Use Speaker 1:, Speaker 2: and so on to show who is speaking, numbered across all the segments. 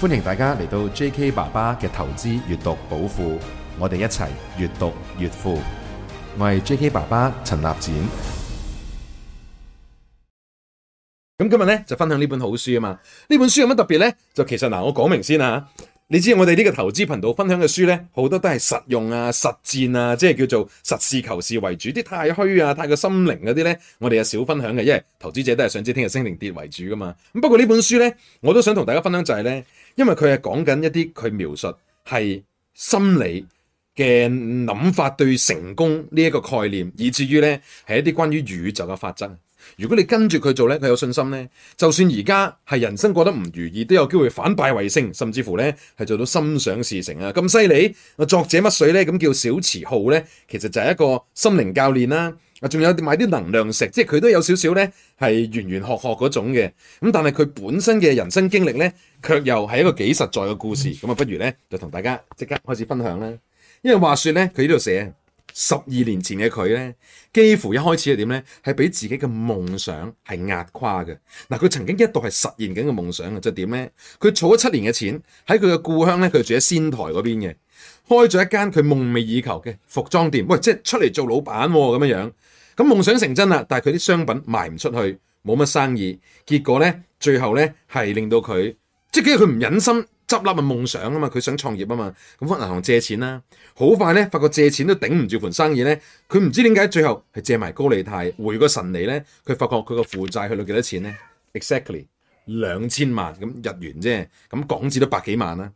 Speaker 1: 歡迎大家嚟到 J.K. 爸爸嘅投資閱讀寶庫，我哋一齊閱讀越富。我係 J.K. 爸爸陳立展。咁今日咧就分享呢本好書啊嘛。呢本書有乜特別咧？就其實嗱，我講明先啊。你知我哋呢個投資頻道分享嘅書咧，好多都係實用啊、實戰啊，即係叫做實事求是為主。啲太虛啊、太過心靈嗰啲咧，我哋有少分享嘅，因為投資者都係想知聽日升定跌為主噶嘛。咁不過呢本書咧，我都想同大家分享就係咧。因為佢係講緊一啲佢描述係心理嘅諗法對成功呢一個概念，以至於咧係一啲關於宇宙嘅法則。如果你跟住佢做咧，佢有信心咧，就算而家係人生過得唔如意，都有機會反敗為勝，甚至乎咧係做到心想事成啊！咁犀利啊！作者乜水咧？咁叫小池浩咧，其實就係一個心靈教練啦。仲有買啲能量食，即係佢都有少少咧，係完完學學嗰種嘅。咁但係佢本身嘅人生經歷咧，卻又係一個幾實在嘅故事。咁啊，不如咧就同大家即刻開始分享啦。因為話説咧，佢呢度寫十二年前嘅佢咧，幾乎一開始係點咧，係俾自己嘅夢想係壓垮嘅。嗱、啊，佢曾經一度係實現緊嘅夢想嘅，即係點咧？佢儲咗七年嘅錢，喺佢嘅故鄉咧，佢住喺仙台嗰邊嘅，開咗一間佢夢寐以求嘅服裝店。喂，即係出嚟做老闆喎、啊，咁樣樣。咁夢想成真啦，但係佢啲商品賣唔出去，冇乜生意。結果咧，最後咧係令到佢，即係佢唔忍心執笠啊！夢想啊嘛，佢想創業啊嘛，咁翻銀行借錢啦、啊。好快咧，發覺借錢都頂唔住盤生意咧，佢唔知點解最後係借埋高利貸。回個神嚟咧，佢發覺佢個負債去到幾多錢咧？Exactly 兩千萬咁日元啫，咁港紙都百幾萬啦、啊。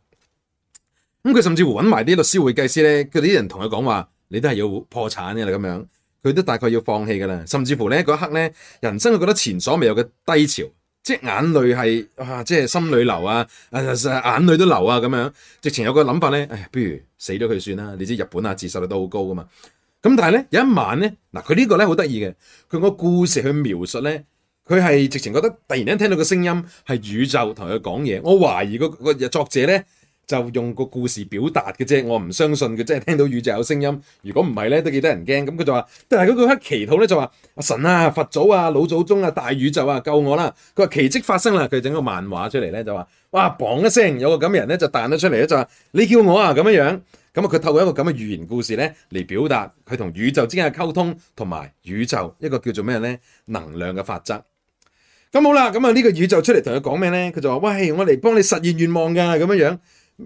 Speaker 1: 咁佢甚至乎揾埋啲律師、會計師咧，佢哋啲人同佢講話，你都係要破產嘅啦咁樣。佢都大概要放棄噶啦，甚至乎咧嗰一刻咧，人生佢覺得前所未有嘅低潮，即係眼淚係哇，即係心裡流啊，啊，眼淚都流啊咁樣，直情有個諗法咧，唉、哎，不如死咗佢算啦。你知日本啊，自殺率都好高噶嘛。咁但係咧有一晚咧，嗱、啊、佢呢個咧好得意嘅，佢個故事去描述咧，佢係直情覺得突然間聽到個聲音係宇宙同佢講嘢，我懷疑、嗰個、嗰個作者咧。就用個故事表達嘅啫，我唔相信嘅，即係聽到宇宙有聲音。如果唔係咧，都幾得人驚。咁佢就話，嗯、就但係嗰句乞祈禱咧，就話：阿神啊，佛祖啊，老祖宗啊，大宇宙啊，救我啦！佢話奇蹟發生啦，佢整個漫畫出嚟咧，就話：哇，砰一聲，有個咁嘅人咧就彈咗出嚟咧，就話：你叫我啊，咁樣樣。咁、嗯、啊，佢透過一個咁嘅寓言故事咧，嚟表達佢同宇宙之間嘅溝通，同埋宇宙一個叫做咩咧能量嘅法則。咁、嗯、好啦，咁啊呢個宇宙出嚟同佢講咩咧？佢就話：喂，我嚟幫你實現願望㗎，咁樣樣。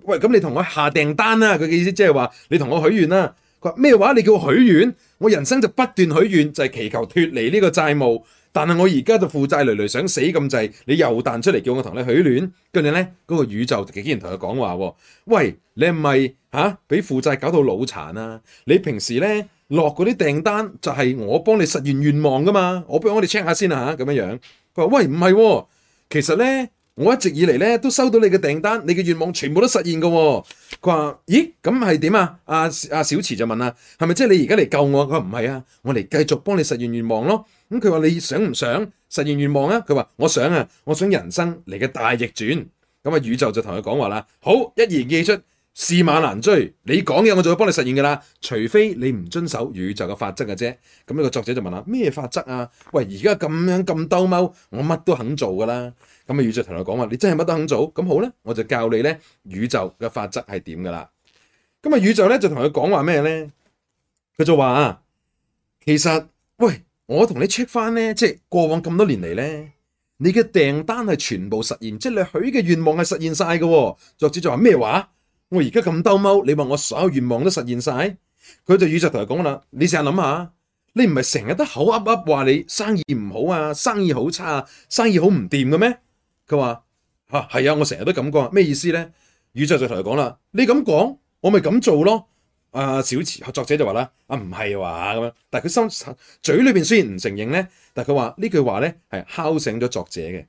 Speaker 1: 喂，咁你同我下訂單啦、啊，佢嘅意思即係話你同我許願啦。佢話咩話？你叫我許願，我人生就不斷許願，就係、是、祈求脫離呢個債務。但係我而家就負債累累，想死咁滯。你又彈出嚟叫我同你許願。跟住咧，嗰、那個宇宙竟然同佢講話，喂，你係唔係吓俾負債搞到腦殘啊？你平時咧落嗰啲訂單就係我幫你實現願望噶嘛？我俾我哋 check 下先啦、啊、吓，咁樣樣。佢話，喂唔係、啊，其實咧。我一直以嚟咧都收到你嘅訂單，你嘅願望全部都實現噶、哦。佢話：咦，咁係點啊？阿、啊、阿、啊、小池就問啦，係咪即係你而家嚟救我？佢話唔係啊，我嚟繼續幫你實現願望咯。咁佢話你想唔想實現願望啊？佢話我想啊，我想人生嚟嘅大逆轉。咁啊，宇宙就同佢講話啦，好，一言既出，是駟馬難追，你講嘢我就會幫你實現噶啦，除非你唔遵守宇宙嘅法則嘅啫。咁呢個作者就問下：「咩法則啊？喂，而家咁樣咁兜踎，我乜都肯做噶啦。咁啊，宇宙同佢講話：你真係乜都肯做，咁好啦，我就教你咧宇宙嘅法則係點噶啦。咁啊，宇宙咧就同佢講話咩咧？佢就話啊，其實喂，我同你 check 翻咧，即係過往咁多年嚟咧，你嘅訂單係全部實現，即係你許嘅願望係實現晒噶。作者就話咩話？我而家咁兜踎，你話我所有願望都實現晒，佢就宇宙就同佢講啦。你試下諗下，你唔係成日都口噏噏話你生意唔好啊，生意好差啊，生意好唔掂嘅咩？佢話吓係啊，我成日都咁講，咩意思咧？宇宙就同佢講啦，你咁講，我咪咁做咯。啊，小池作者就話啦，啊唔係話咁樣，但係佢心嘴裏邊雖然唔承認咧，但係佢話呢句話咧係敲醒咗作者嘅。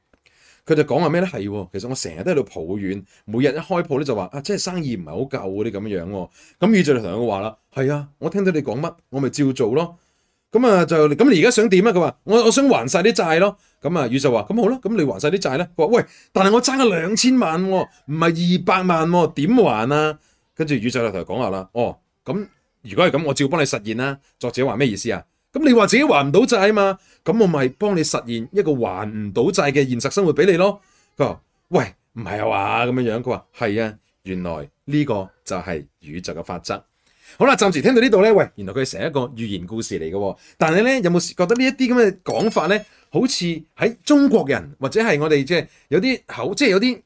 Speaker 1: 佢就講話咩咧？係喎，其實我成日都喺度抱怨，每日一開鋪咧就話啊，即係生意唔係好夠嗰啲咁樣樣喎。咁宇宙就同佢話啦：係啊，我聽到你講乜，我咪照做咯。咁啊就咁，你而家想點啊？佢話：我我想還晒啲債咯。咁啊，宇宙話：咁好啦，咁你還晒啲債咧。佢話：喂，但係我爭咗兩千萬喎、啊，唔係二百萬喎、啊，點還啊？跟住宇宙就同佢講下啦：哦，咁如果係咁，我照幫你實現啦、啊。作者話咩意思啊？咁你話自己還唔到債啊嘛？咁我咪幫你實現一個還唔到債嘅現實生活俾你咯。佢話：喂，唔係啊嘛，咁樣樣。佢話：係啊，原來呢個就係宇宙嘅法則。好啦，暫時聽到呢度咧。喂，原來佢係成一個寓言故事嚟嘅。但係咧，有冇覺得呢一啲咁嘅講法咧，好似喺中國人或者係我哋即係有啲口，即係有啲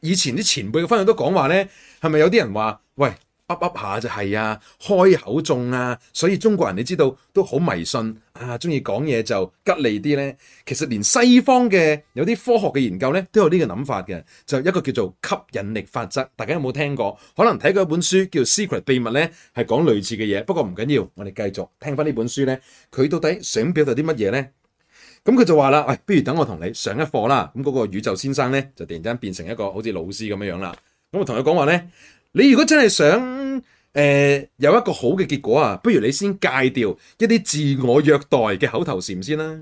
Speaker 1: 以前啲前輩嘅分享都講話咧，係咪有啲人話喂？噏噏下就係啊，開口中啊，所以中國人你知道都好迷信啊，中意講嘢就吉利啲呢。其實連西方嘅有啲科學嘅研究呢都有呢個諗法嘅，就一個叫做吸引力法則。大家有冇聽過？可能睇過一本書叫《Secret 秘密》呢，係講類似嘅嘢。不過唔緊要，我哋繼續聽翻呢本書呢。佢到底想表達啲乜嘢呢？咁佢就話啦，哎，不如等我同你上一課啦。咁嗰個宇宙先生呢，就突然間變成一個好似老師咁樣樣啦。咁我同佢講話呢。你如果真係想，誒、呃、有一個好嘅結果啊，不如你先戒掉一啲自我虐待嘅口頭禪先啦。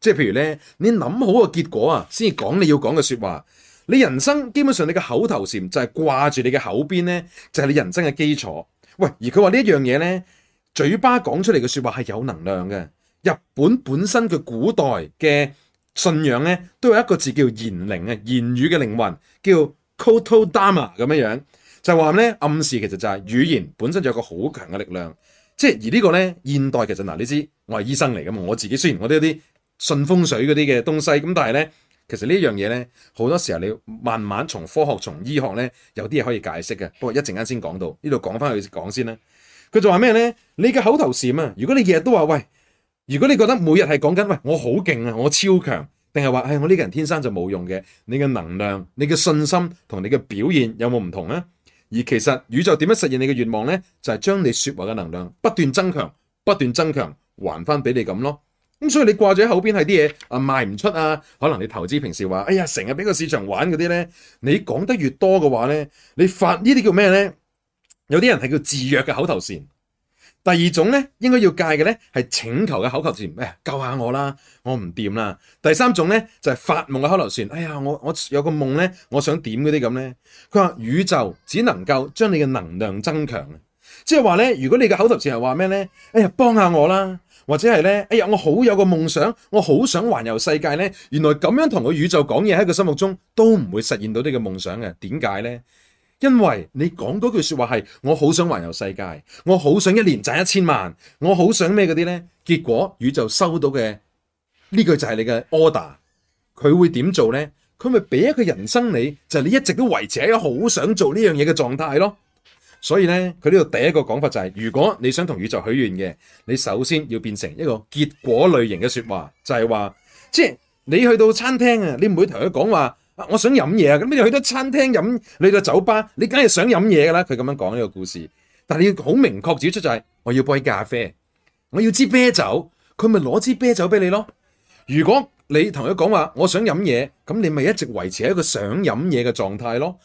Speaker 1: 即係譬如咧，你諗好個結果啊，先至講你要講嘅説話。你人生基本上你嘅口頭禪就係掛住你嘅口邊咧，就係、是、你人生嘅基礎。喂，而佢話呢一樣嘢咧，嘴巴講出嚟嘅説話係有能量嘅。日本本身嘅古代嘅信仰咧，都有一個字叫言靈啊，言語嘅靈魂叫 Kotodama 咁樣樣。就話咧，暗示其實就係語言本身有個好強嘅力量，即係而呢個咧現代其實嗱，你知我係醫生嚟噶嘛，我自己雖然我都有啲信風水嗰啲嘅東西，咁但係咧其實呢樣嘢咧好多時候你慢慢從科學從醫學咧有啲嘢可以解釋嘅，不過一陣間先講到呢度講翻去講先啦。佢就話咩咧？你嘅口頭禪啊，如果你日日都話喂，如果你覺得每日係講緊喂，我好勁啊，我超強，定係話唉我呢個人天生就冇用嘅，你嘅能量、你嘅信心同你嘅表現有冇唔同啊？而其實宇宙點樣實現你嘅願望呢？就係、是、將你説話嘅能量不斷增強、不斷增強，還翻俾你咁咯。咁、嗯、所以你掛住喺口邊係啲嘢賣唔出啊？可能你投資平時話，哎呀，成日俾個市場玩嗰啲咧，你講得越多嘅話咧，你發這些什麼呢啲叫咩咧？有啲人係叫自虐嘅口頭禪。第二種咧，應該要戒嘅咧，係請求嘅口頭禪，誒、哎，救下我啦，我唔掂啦。第三種咧，就係、是、發夢嘅口頭禪，哎呀，我我有個夢咧，我想點嗰啲咁咧。佢話宇宙只能夠將你嘅能量增強，即係話咧，如果你嘅口頭禪係話咩咧，哎呀，幫下我啦，或者係咧，哎呀，我好有個夢想，我好想環遊世界咧。原來咁樣同個宇宙講嘢，喺佢心目中都唔會實現到夢呢個夢想嘅，點解咧？因為你講嗰句說話係我好想環遊世界，我好想一年賺一千萬，我好想咩嗰啲呢？結果宇宙收到嘅呢句就係你嘅 order，佢會點做呢？佢咪俾一個人生你，就係你一直都維持喺好想做呢樣嘢嘅狀態咯。所以呢，佢呢度第一個講法就係，如果你想同宇宙許願嘅，你首先要變成一個結果類型嘅說話，就係話，即係你去到餐廳啊，你唔會同佢講話。啊，我想飲嘢啊，咁你去到餐廳飲，你去到酒吧，你梗係想飲嘢噶啦。佢咁樣講呢個故事，但係你要好明確指出就係我要杯咖啡，我要支啤酒，佢咪攞支啤酒俾你咯。如果你同佢講話我想飲嘢，咁你咪一直維持喺一個想飲嘢嘅狀態咯。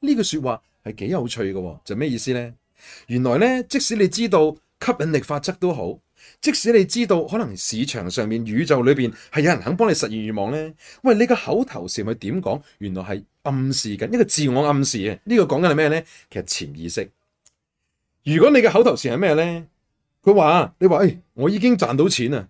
Speaker 1: 呢句説話係幾有趣嘅，哦，就咩意思呢？原來呢，即使你知道吸引力法則都好。即使你知道可能市場上面宇宙裏邊係有人肯幫你實現願望咧，喂，你個口頭禪係點講？原來係暗示緊一個自我暗示啊！這個、呢個講緊係咩咧？其實潛意識。如果你嘅口頭禪係咩咧？佢話：你話，哎，我已經賺到錢啊！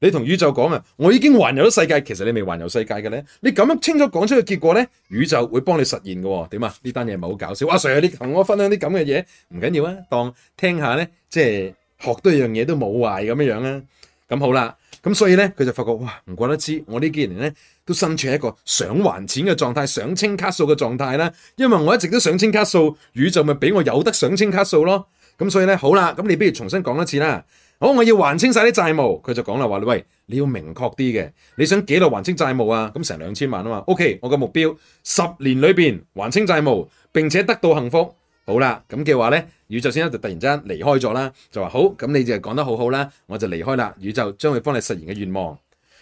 Speaker 1: 你同宇宙講啊，我已經環遊咗世界，其實你未環遊世界嘅咧。你咁樣清楚講出嘅結果咧，宇宙會幫你實現嘅喎。點啊？呢單嘢係咪好搞笑？阿 Sir，你同我分享啲咁嘅嘢唔緊要啊，當聽下咧，即係。學多一樣嘢都冇壞，咁樣樣啦，咁好啦，咁所以咧佢就發覺哇，唔怪得之，我呢幾年咧都身處一個想還錢嘅狀態，想清卡數嘅狀態啦，因為我一直都想清卡數，宇宙咪俾我有得想清卡數咯，咁所以咧好啦，咁你不如重新講一次啦，好，我要還清晒啲債務。佢就講啦話，你喂，你要明確啲嘅，你想幾耐還清債務啊？咁成兩千萬啊嘛，OK，我個目標十年裏邊還清債務，並且得到幸福。好啦，咁嘅話咧，宇宙先生就突然之間離開咗啦，就話好，咁你就係講得好好啦，我就離開啦，宇宙將會幫你實現嘅願望。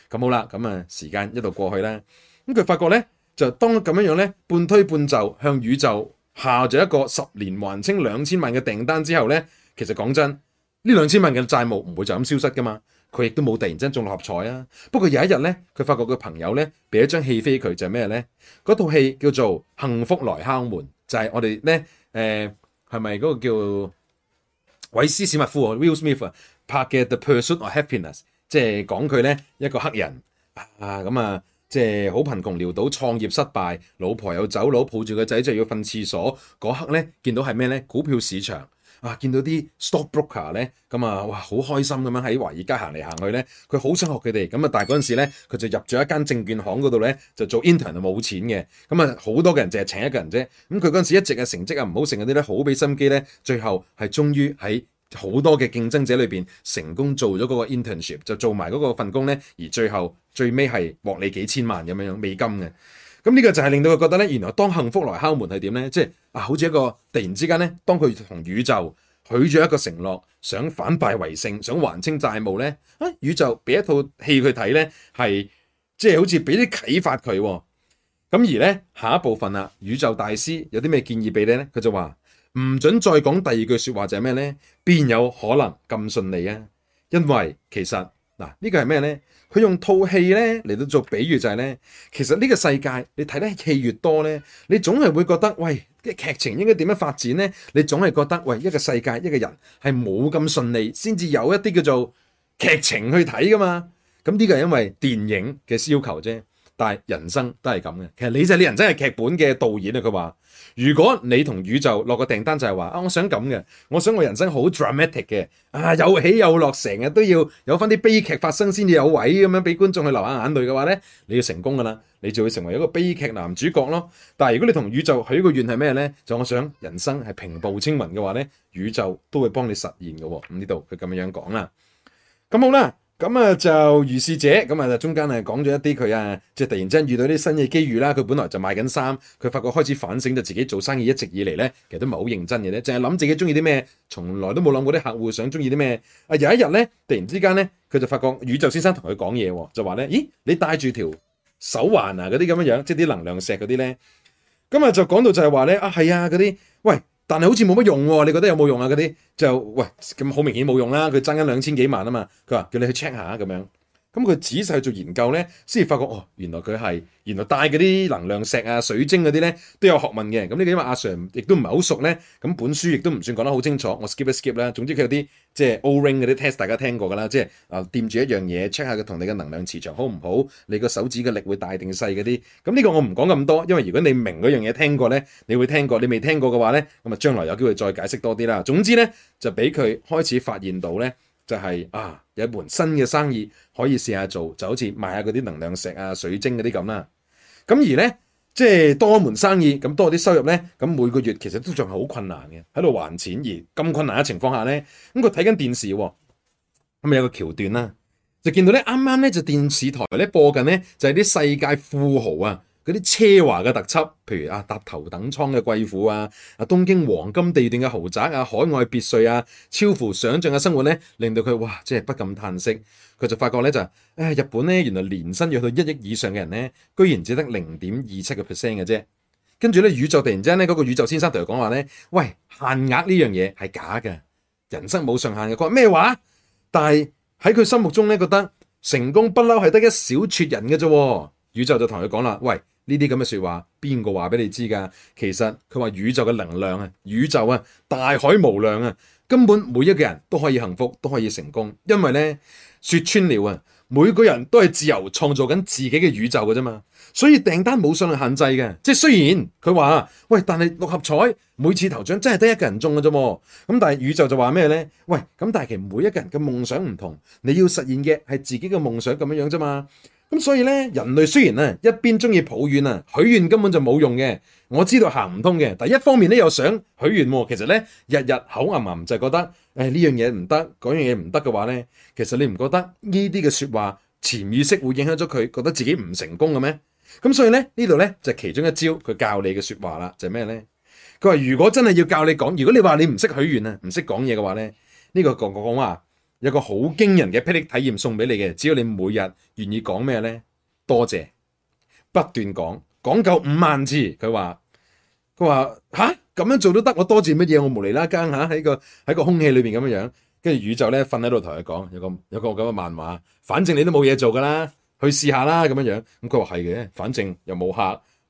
Speaker 1: 咁好啦，咁啊時間一路過去啦，咁佢發覺咧，就當咁樣樣咧，半推半就向宇宙下咗一個十年還清兩千萬嘅訂單之後咧，其實講真，呢兩千萬嘅債務唔會就咁消失噶嘛，佢亦都冇突然之間中六合彩啊。不過有一日咧，佢發覺佢朋友咧俾一張戲飛佢，就係咩咧？嗰套戲叫做《幸福來敲門》就是，就係我哋咧。誒係咪嗰個叫韋斯史密夫啊？Will Smith 拍嘅《The Pursuit of Happiness》，即係講佢咧一個黑人啊，咁啊，即係好貧窮潦倒，創業失敗，老婆又走佬，抱住個仔就要瞓廁所嗰刻咧，見到係咩咧？股票市場。哇、啊！見到啲 stockbroker 咧，咁啊，哇，好開心咁樣喺華爾街行嚟行去咧，佢好想學佢哋，咁啊，但係嗰陣時咧，佢就入咗一間證券行嗰度咧，就做 intern 啊，冇錢嘅，咁啊，好多嘅人淨係請一個人啫，咁佢嗰陣時一直嘅成績啊唔好成嗰啲咧，好俾心機咧，最後係終於喺好多嘅競爭者裏邊成功做咗嗰個 internship，就做埋嗰個份工咧，而最後最尾係獲利幾千萬咁樣樣美金嘅。咁呢個就係令到佢覺得咧，原來當幸福來敲門係點咧？即係啊，好似一個突然之間咧，當佢同宇宙許咗一個承諾，想反敗為勝，想還清債務咧，啊，宇宙俾一套戲佢睇咧，係即係好似俾啲啟發佢。咁而咧下一部分啊，宇宙大師有啲咩建議俾你咧？佢就話唔准再講第二句說話，就係咩咧？邊有可能咁順利啊！因為其實嗱，這個、呢個係咩咧？佢用套戲咧嚟到做比喻就係、是、咧，其實呢個世界你睇得戲越多咧，你總係會覺得喂，啲劇情應該點樣發展咧？你總係覺得喂，一個世界一個人係冇咁順利，先至有一啲叫做劇情去睇㗎嘛？咁呢個係因為電影嘅要求啫。但係人生都係咁嘅，其實你就係你人生係劇本嘅導演啊！佢話：如果你同宇宙落個訂單就，就係話啊，我想咁嘅，我想我人生好 dramatic 嘅，啊有起有落，成日都要有翻啲悲劇發生先至有位咁樣俾觀眾去流下眼淚嘅話咧，你要成功噶啦，你就會成為一個悲劇男主角咯。但係如果你同宇宙許個願係咩咧？就我想人生係平步青雲嘅話咧，宇宙都會幫你實現嘅喎。咁呢度佢咁樣講啦，咁好啦。咁啊就如是者，咁啊就中間啊講咗一啲佢啊，即係突然之間遇到啲新嘅機遇啦。佢本來就賣緊衫，佢發覺開始反省，就自己做生意一直以嚟咧，其實都唔係好認真嘅咧，淨係諗自己中意啲咩，從來都冇諗過啲客戶想中意啲咩。啊有一日咧，突然之間咧，佢就發覺宇宙先生同佢講嘢，就話咧：咦，你戴住條手環啊，嗰啲咁樣樣，即係啲能量石嗰啲咧。咁啊就講到就係話咧：啊係啊，嗰啲喂。但係好似冇乜用喎，你覺得有冇用啊？嗰啲就喂，咁好明顯冇用啦，佢爭緊兩千幾萬啊嘛，佢話叫你去 check 下咁樣。咁佢仔細做研究咧，先至發覺哦，原來佢係原來帶嗰啲能量石啊、水晶嗰啲咧，都有學問嘅。咁呢啲因為阿 Sir 亦都唔係好熟咧，咁本書亦都唔算講得好清楚。我 skip 一 skip 啦。總之佢有啲即係 O ring 嗰啲 test，大家聽過噶啦，即係啊掂住一樣嘢 check 下佢同你嘅能量磁場好唔好，你個手指嘅力會大定細嗰啲。咁呢個我唔講咁多，因為如果你明嗰樣嘢聽過咧，你會聽過；你未聽過嘅話咧，咁啊將來有機會再解釋多啲啦。總之咧，就俾佢開始發現到咧。就係、是、啊，有一門新嘅生意可以試下做，就好似賣下嗰啲能量石啊、水晶嗰啲咁啦。咁而呢，即係多一門生意，咁多啲收入呢，咁每個月其實都仲係好困難嘅，喺度還錢而咁困難嘅情況下呢，咁佢睇緊電視、啊，咁啊有個橋段啦，就見到呢，啱啱呢就電視台呢播緊呢，就係、是、啲世界富豪啊。嗰啲奢華嘅特輯，譬如啊搭頭等艙嘅貴婦啊，啊東京黃金地段嘅豪宅啊，海外別墅啊，超乎想像嘅生活咧，令到佢哇，即係不禁嘆息。佢就發覺咧就是，唉、哎，日本咧原來年薪約到一億以上嘅人咧，居然只得零點二七個 percent 嘅啫。跟住咧宇宙突然之間咧嗰個宇宙先生同佢講話咧，喂，限額呢樣嘢係假嘅，人生冇上限嘅。佢話咩話？但係喺佢心目中咧覺得成功不嬲係得一小撮人嘅啫。宇宙就同佢講啦，喂！喂呢啲咁嘅説話，邊個話俾你知㗎？其實佢話宇宙嘅能量啊，宇宙啊，大海無量啊，根本每一個人都可以幸福，都可以成功。因為咧，説穿了啊，每個人都係自由創造緊自己嘅宇宙㗎啫嘛。所以訂單冇上限制嘅，即係雖然佢話喂，但係六合彩每次頭獎真係得一個人中㗎啫噃。咁但係宇宙就話咩咧？喂，咁但係其實每一個人嘅夢想唔同，你要實現嘅係自己嘅夢想咁樣樣啫嘛。咁所以咧，人類雖然咧一邊中意抱怨啊，許願根本就冇用嘅，我知道行唔通嘅。但一方面咧又想許願喎，其實咧日日口吟吟就係覺得，誒呢樣嘢唔得，嗰樣嘢唔得嘅話咧，其實你唔覺得呢啲嘅説話潛意識會影響咗佢覺得自己唔成功嘅咩？咁所以咧呢度咧就其中一招，佢教你嘅説話啦，就係咩咧？佢話如果真係要教你講，如果你話你唔識許願啊，唔識講嘢嘅話咧，呢個講講講話。有個好驚人嘅霹靂體驗送俾你嘅，只要你每日願意講咩咧？多謝，不斷講，講夠五萬次。佢話佢話吓咁樣做都得，我多謝乜嘢？我無厘啦更吓喺、啊、個喺個空氣裏邊咁樣樣，跟住宇宙咧瞓喺度同佢講，有個有個咁嘅漫畫。反正你都冇嘢做噶啦，去試下啦咁樣樣。咁佢話係嘅，反正又冇客，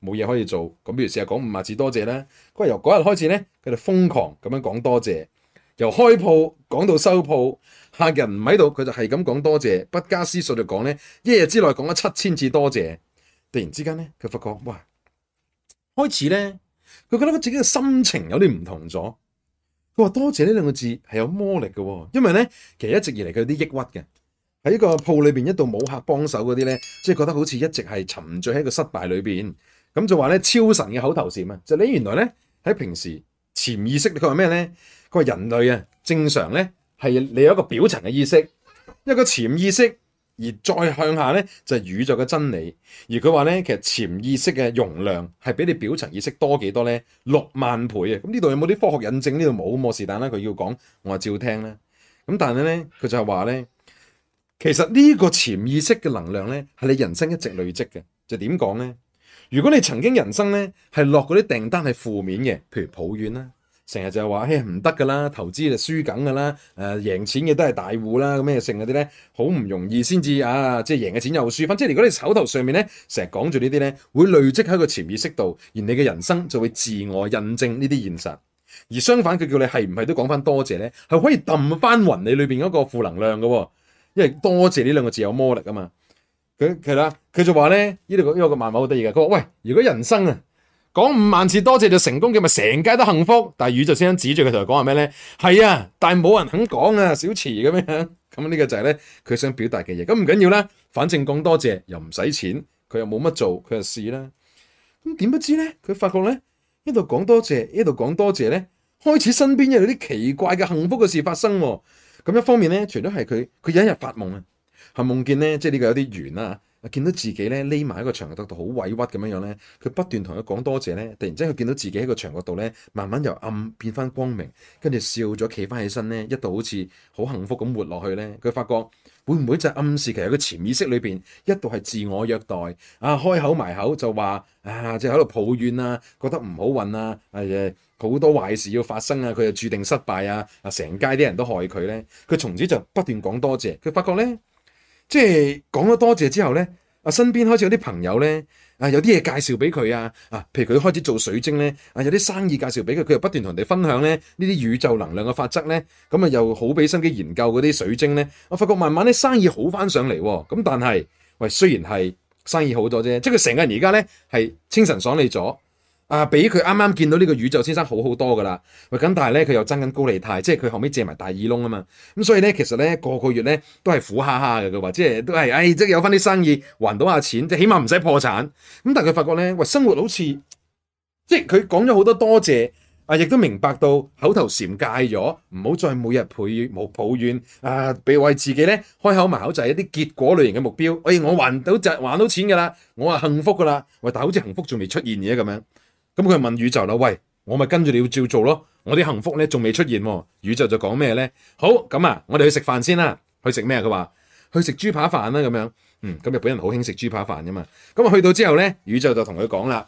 Speaker 1: 冇嘢可以做。咁不如試下講五萬次多謝啦。佢話由嗰日開始咧，佢就瘋狂咁樣講多謝。由開鋪講到收鋪，客人唔喺度，佢就係咁講多謝，不加思索就講咧，一日之內講咗七千次多謝。突然之間咧，佢發覺哇，開始咧，佢覺得自己嘅心情有啲唔同咗。佢話多謝呢兩個字係有魔力嘅，因為咧，其實一直以嚟佢有啲抑鬱嘅，喺個鋪裏邊一度冇客幫手嗰啲咧，即係覺得好似一直係沉醉喺個失敗裏邊。咁就話咧超神嘅口頭禪啊，就你原來咧喺平時。潛意識佢話咩咧？佢話人類啊，正常咧係你有一個表層嘅意識，一個潛意識，而再向下咧就係宇宙嘅真理。而佢話咧，其實潛意識嘅容量係比你表層意識多幾多咧？六萬倍啊！咁呢度有冇啲科學引證？呢度冇喎，是但啦。佢要講，我話照聽啦。咁但係咧，佢就係話咧，其實呢個潛意識嘅能量咧係你人生一直累積嘅，就點講咧？如果你曾經人生咧係落嗰啲訂單係負面嘅，譬如抱怨啦，成日就係話嘿唔得噶啦，投資就輸緊噶啦，誒贏錢嘅都係大戶啦，咁咩性嗰啲咧，好唔容易先至啊，即係贏嘅錢又輸翻。即係如果你手頭上面咧成日講住呢啲咧，會累積喺個潛意識度，而你嘅人生就會自我印證呢啲現實。而相反，佢叫你係唔係都講翻多謝咧，係可以揼翻雲你裏邊嗰個負能量噶喎，因為多謝呢兩個字有魔力啊嘛。佢其實佢就話咧，呢、這、度個呢、這個個漫畫好得意嘅。佢話喂，如果人生啊講五萬次多謝就成功嘅，咪成街都幸福。但係宇宙先生指住佢頭講話咩咧？係啊，但係冇人肯講啊，小池咁樣。咁、這、呢個就係咧，佢想表達嘅嘢。咁唔緊要啦，反正講多謝又唔使錢，佢又冇乜做，佢就試啦。咁點不知咧？佢發覺咧呢度講多謝，呢度講多謝咧，開始身邊有啲奇怪嘅幸福嘅事發生。咁一方面咧，除咗係佢佢有一日發夢啊。係夢見咧，即係呢個有啲圓啦、啊、嚇，見到自己咧匿埋喺個牆角度，好委屈咁樣樣咧。佢不斷同佢講多謝咧，突然之間佢見到自己喺個牆角度咧，慢慢由暗變翻光明，跟住笑咗，企翻起身咧，一度好似好幸福咁活落去咧。佢發覺會唔會就暗示其實個潛意識裏邊一度係自我虐待啊？開口埋口就話啊，即係喺度抱怨啊，覺得唔好運啊，誒、啊、好多壞事要發生啊，佢就注定失敗啊，啊成街啲人都害佢咧。佢從此就不斷講多謝，佢發覺咧。即係講咗多謝之後咧，啊身邊開始有啲朋友咧，啊有啲嘢介紹俾佢啊，啊譬如佢開始做水晶咧，啊有啲生意介紹俾佢，佢又不斷同人哋分享咧呢啲宇宙能量嘅法則咧，咁啊又好俾心機研究嗰啲水晶咧，我發覺慢慢啲生意好翻上嚟喎、啊，咁但係喂雖然係生意好咗啫，即係佢成個人而家咧係精神爽利咗。啊，比佢啱啱見到呢個宇宙先生好好多㗎啦。喂，咁但係咧，佢又爭緊高利貸，即係佢後尾借埋大耳窿啊嘛。咁所以咧，其實咧個個月咧都係苦哈哈嘅。佢話、就係，即係都係，唉，即係有返啲生意，還到下錢，即係起碼唔使破產。咁但係佢發覺咧，喂，生活好似即係佢講咗好多多謝，謝啊，亦都明白到口頭禪戒咗，唔好再每日抱怨抱怨啊，譬如自己咧開口埋口就係一啲結果類型嘅目標。哎，我還到就還到錢㗎啦，我啊幸福㗎啦。喂，但係好似幸福仲未出現嘅咁樣。咁佢問宇宙啦，喂，我咪跟住你要照做咯，我啲幸福咧仲未出現，宇宙就講咩咧？好，咁啊，我哋去食飯先啦，去食咩啊？佢話去食豬扒飯啦，咁樣，嗯，咁日本人好興食豬扒飯噶嘛，咁啊去到之後咧，宇宙就同佢講啦，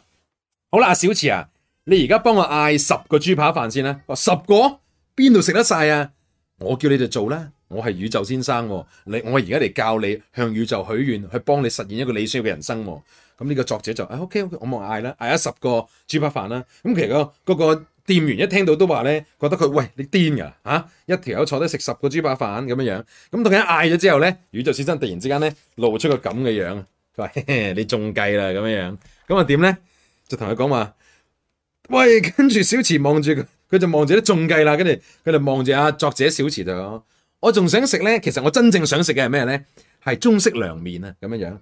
Speaker 1: 好啦，小池啊，你而家幫我嗌十個豬扒飯先啦，十個邊度食得晒啊？我叫你哋做啦，我係宇宙先生喎，你我而家嚟教你向宇宙許願，去幫你實現一個你需要嘅人生喎。咁呢個作者就誒、哎、OK OK，我望嗌啦，嗌咗十個豬扒飯啦。咁其實嗰個店員一聽到都話咧，覺得佢喂，你癲㗎嚇，一條友坐低食十個豬扒飯咁樣樣。咁同佢嗌咗之後咧，宇宙先生突然之間咧露出個咁嘅樣，樣，樣，佢話：嘿嘿，你中計啦咁樣樣。咁啊點咧？就同佢講話，喂，跟住小池望住佢，佢就望住咧中計啦。跟住佢就望住阿作者小池就講：我仲想食咧，其實我真正想食嘅係咩咧？係中式涼麵啊，咁樣樣，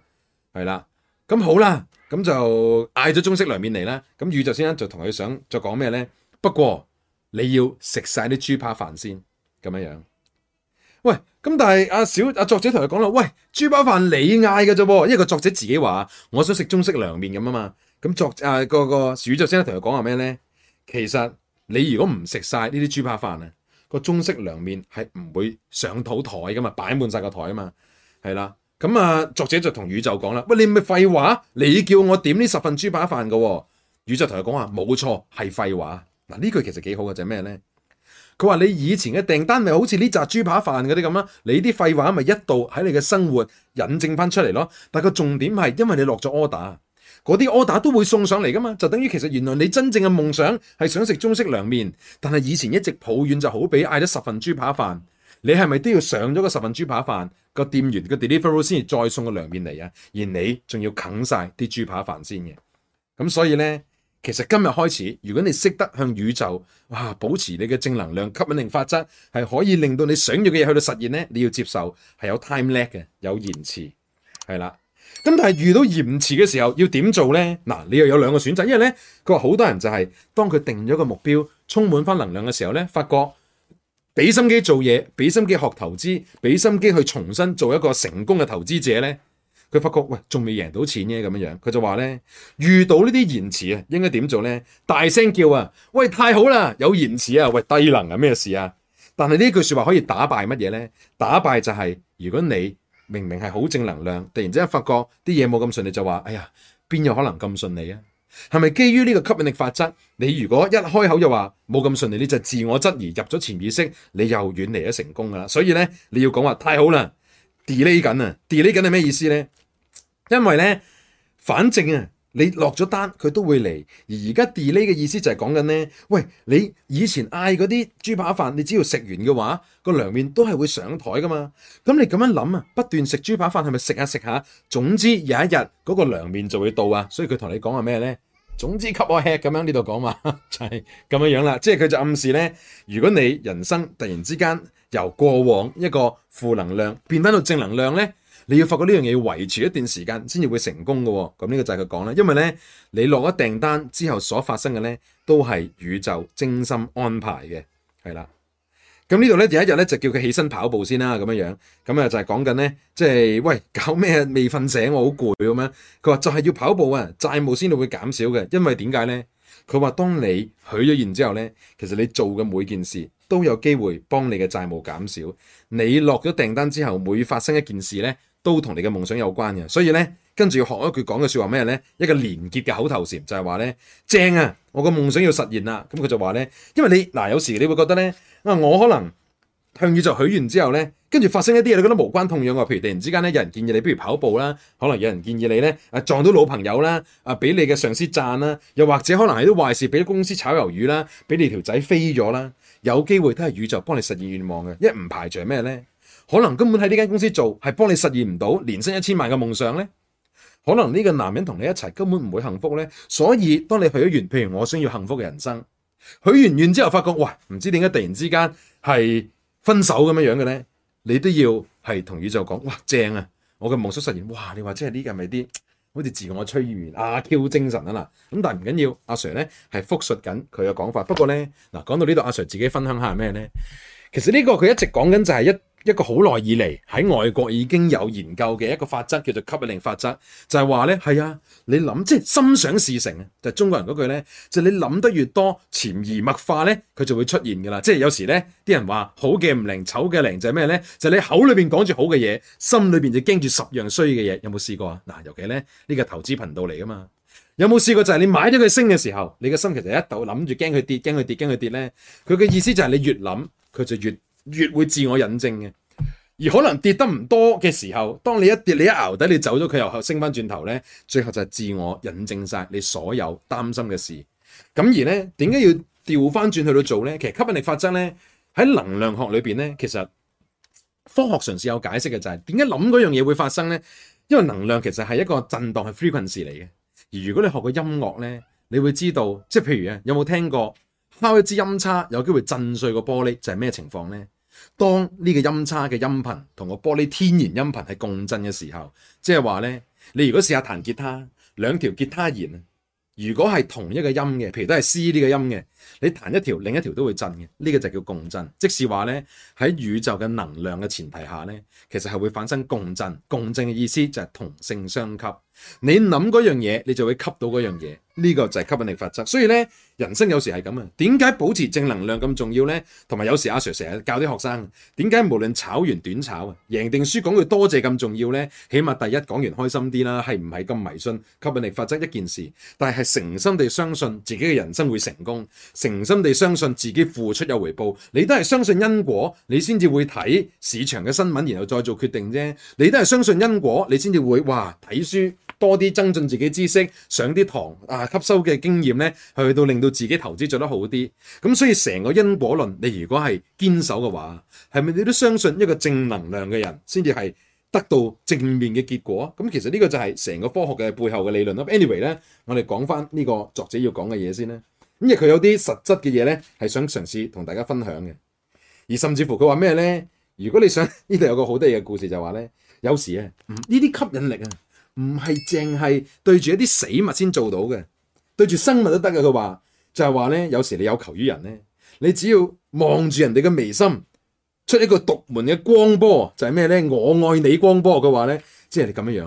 Speaker 1: 係啦。咁好啦，咁就嗌咗中式涼麵嚟啦。咁宇宙先生就同佢想再講咩咧？不過你要食晒啲豬扒飯先咁樣樣。喂，咁但係阿小阿、啊啊、作者同佢講啦，喂，豬扒飯你嗌嘅啫，因為個作者自己話我想食中式涼麵咁啊嘛。咁作啊個個宇宙先生同佢講話咩咧？其實你如果唔食晒呢啲豬扒飯啊，個中式涼麵係唔會上到台噶嘛，擺滿晒個台啊嘛，係啦。咁啊、嗯，作者就同宇宙講啦：喂，你咪廢話，你叫我點呢十份豬扒飯嘅喎？宇宙同佢講話，冇錯，係廢話。嗱，呢句其實幾好嘅就係咩咧？佢話你以前嘅訂單咪好似呢扎豬扒飯嗰啲咁啦，你啲廢話咪一度喺你嘅生活引證翻出嚟咯。但個重點係因為你落咗 order，嗰啲 order 都會送上嚟噶嘛，就等於其實原來你真正嘅夢想係想食中式涼麵，但係以前一直抱怨就好比嗌咗十份豬扒飯。你係咪都要上咗個十份豬扒飯，個店員個 delivery 先至再送個涼麵嚟啊？而你仲要啃晒啲豬扒飯先嘅。咁所以咧，其實今日開始，如果你識得向宇宙哇，保持你嘅正能量，吸引力法則係可以令到你想要嘅嘢去到實現咧。你要接受係有 time lag 嘅，有延遲，係啦。咁但係遇到延遲嘅時候要點做咧？嗱，你又有兩個選擇，因為咧，佢話好多人就係當佢定咗個目標，充滿翻能量嘅時候咧，發覺。俾心機做嘢，俾心機學投資，俾心機去重新做一個成功嘅投資者呢，佢發覺，喂，仲未贏到錢嘅，咁樣樣，佢就話呢，遇到呢啲延遲啊，應該點做呢？大聲叫啊！喂，太好啦，有延遲啊！喂，低能啊，咩事啊？但係呢句說話可以打敗乜嘢呢？打敗就係、是、如果你明明係好正能量，突然之間發覺啲嘢冇咁順利，就話哎呀，邊有可能咁順利啊？係咪基於呢個吸引力法則？你如果一開口就話冇咁順利，你就自我質疑，入咗潛意識，你又遠離咗成功噶啦。所以咧，你要講話太好啦，delay 緊啊，delay 緊係咩意思呢？因為呢，反正啊。你落咗單，佢都會嚟。而而家 delay 嘅意思就係講緊呢：「喂，你以前嗌嗰啲豬扒飯，你只要食完嘅話，個涼麵都係會上台噶嘛。」咁你咁樣諗啊，不斷食豬扒飯，係咪食下食下？總之有一日嗰個涼麵就會到啊。所以佢同你講係咩呢？「總之給我吃」咁樣呢度講話，就係咁樣樣啦。即係佢就暗示呢：「如果你人生突然之間由過往一個負能量變翻到正能量呢。」你要發覺呢樣嘢要維持一段時間先至會成功嘅。哦，咁呢個就係佢講啦。因為呢，你落咗訂單之後所發生嘅呢，都係宇宙精心安排嘅，係啦。咁呢度呢，第一日呢，就叫佢起身跑步先啦，咁樣樣，咁啊就係講緊呢，即係喂，搞咩？未瞓醒，我好攰咁樣。佢話就係、就是、要跑步啊，債務先至會減少嘅。因為點解呢？佢話當你許咗願之後呢，其實你做嘅每件事都有機會幫你嘅債務減少。你落咗訂單之後每發生一件事呢，都同你嘅夢想有關嘅，所以咧，跟住要學一句講嘅説話咩咧？一個連結嘅口頭禪就係話咧，正啊！我個夢想要實現啦，咁佢就話咧，因為你嗱、呃，有時你會覺得咧，啊，我可能向宇宙許願之後咧，跟住發生一啲嘢，你覺得無關痛癢嘅，譬如突然之間咧，有人建議你不如跑步啦，可能有人建議你咧，啊，撞到老朋友啦，啊，俾你嘅上司讚啦，又或者可能係啲壞事俾啲公司炒魷魚啦，俾你條仔飛咗啦，有機會都係宇宙幫你實現願望嘅，因為唔排除係咩咧？可能根本喺呢間公司做，係幫你實現唔到年薪一千萬嘅夢想呢。可能呢個男人同你一齊根本唔會幸福呢。所以當你許咗願，譬如我想要幸福嘅人生，許完願之後發覺，哇，唔知點解突然之間係分手咁樣樣嘅呢？你都要係同宇宙講，哇，正啊，我嘅夢想實現，哇，你話即係呢個係咪啲好似自我催眠、阿、啊、Q 精神啊嗱？咁但係唔緊要，阿 Sir 呢係複述緊佢嘅講法。不過呢，嗱，講到呢度，阿 Sir 自己分享下咩呢？其實呢個佢一直講緊就係一。一個好耐以嚟喺外國已經有研究嘅一個法則叫做吸引力法則，就係話咧係啊，你諗即係心想事成啊，就係、是、中國人嗰句咧，就是、你諗得越多潛移默化咧，佢就會出現噶啦。即係有時咧，啲人話好嘅唔靈，醜嘅靈就係咩咧？就係、是、你口裏邊講住好嘅嘢，心裏邊就驚住十樣衰嘅嘢。有冇試過啊？嗱，尤其咧呢、這個投資頻道嚟噶嘛，有冇試過？就係你買咗佢升嘅時候，你嘅心其實一度諗住驚佢跌，驚佢跌，驚佢跌咧。佢嘅意思就係你越諗，佢就越越，越會自我引證嘅。而可能跌得唔多嘅時候，當你一跌，你一熬底，你走咗，佢又升翻轉頭咧，最後就係自我引證晒你所有擔心嘅事。咁而咧，點解要調翻轉去到做咧？其實吸引力法則咧，喺能量學裏邊咧，其實科學上係有解釋嘅，就係點解諗嗰樣嘢會發生咧？因為能量其實係一個震盪，係 frequency 嚟嘅。而如果你學過音樂咧，你會知道，即係譬如啊，有冇聽過敲一支音叉，有機會震碎個玻璃，就係咩情況咧？當呢個音叉嘅音頻同個玻璃天然音頻係共振嘅時候，即係話呢：你如果試下彈吉他，兩條吉他弦如果係同一個音嘅，譬如都係 C 呢個音嘅，你彈一條，另一條都會震嘅，呢個就叫共振。即係話呢，喺宇宙嘅能量嘅前提下呢，其實係會發生共振。共振嘅意思就係同性相吸。你諗嗰樣嘢，你就會吸到嗰樣嘢，呢個就係吸引力法則。所以咧，人生有時係咁啊。點解保持正能量咁重要咧？同埋有時阿 Sir 成日教啲學生，點解無論炒完短炒啊，贏定輸，講句多謝咁重要咧？起碼第一講完開心啲啦，係唔係咁迷信吸引力法則一件事？但係誠心地相信自己嘅人生會成功，誠心地相信自己付出有回報，你都係相信因果，你先至會睇市場嘅新聞，然後再做決定啫。你都係相信因果，你先至會哇睇書。多啲增進自己知識，上啲堂啊，吸收嘅經驗咧，去到令到自己投資做得好啲。咁所以成個因果論，你如果係堅守嘅話，係咪你都相信一個正能量嘅人先至係得到正面嘅結果？咁其實呢個就係成個科學嘅背後嘅理論啦。Anyway 咧，我哋講翻呢個作者要講嘅嘢先啦。因為佢有啲實質嘅嘢咧，係想嘗試同大家分享嘅。而甚至乎佢話咩咧？如果你想呢度有個好得意嘅故事，就話咧，有時啊，呢啲吸引力啊。唔係淨係對住一啲死物先做到嘅，對住生物都得嘅。佢話就係話咧，有時你有求於人咧，你只要望住人哋嘅眉心，出一個獨門嘅光波，就係咩咧？我愛你光波嘅話咧，即係你咁樣樣。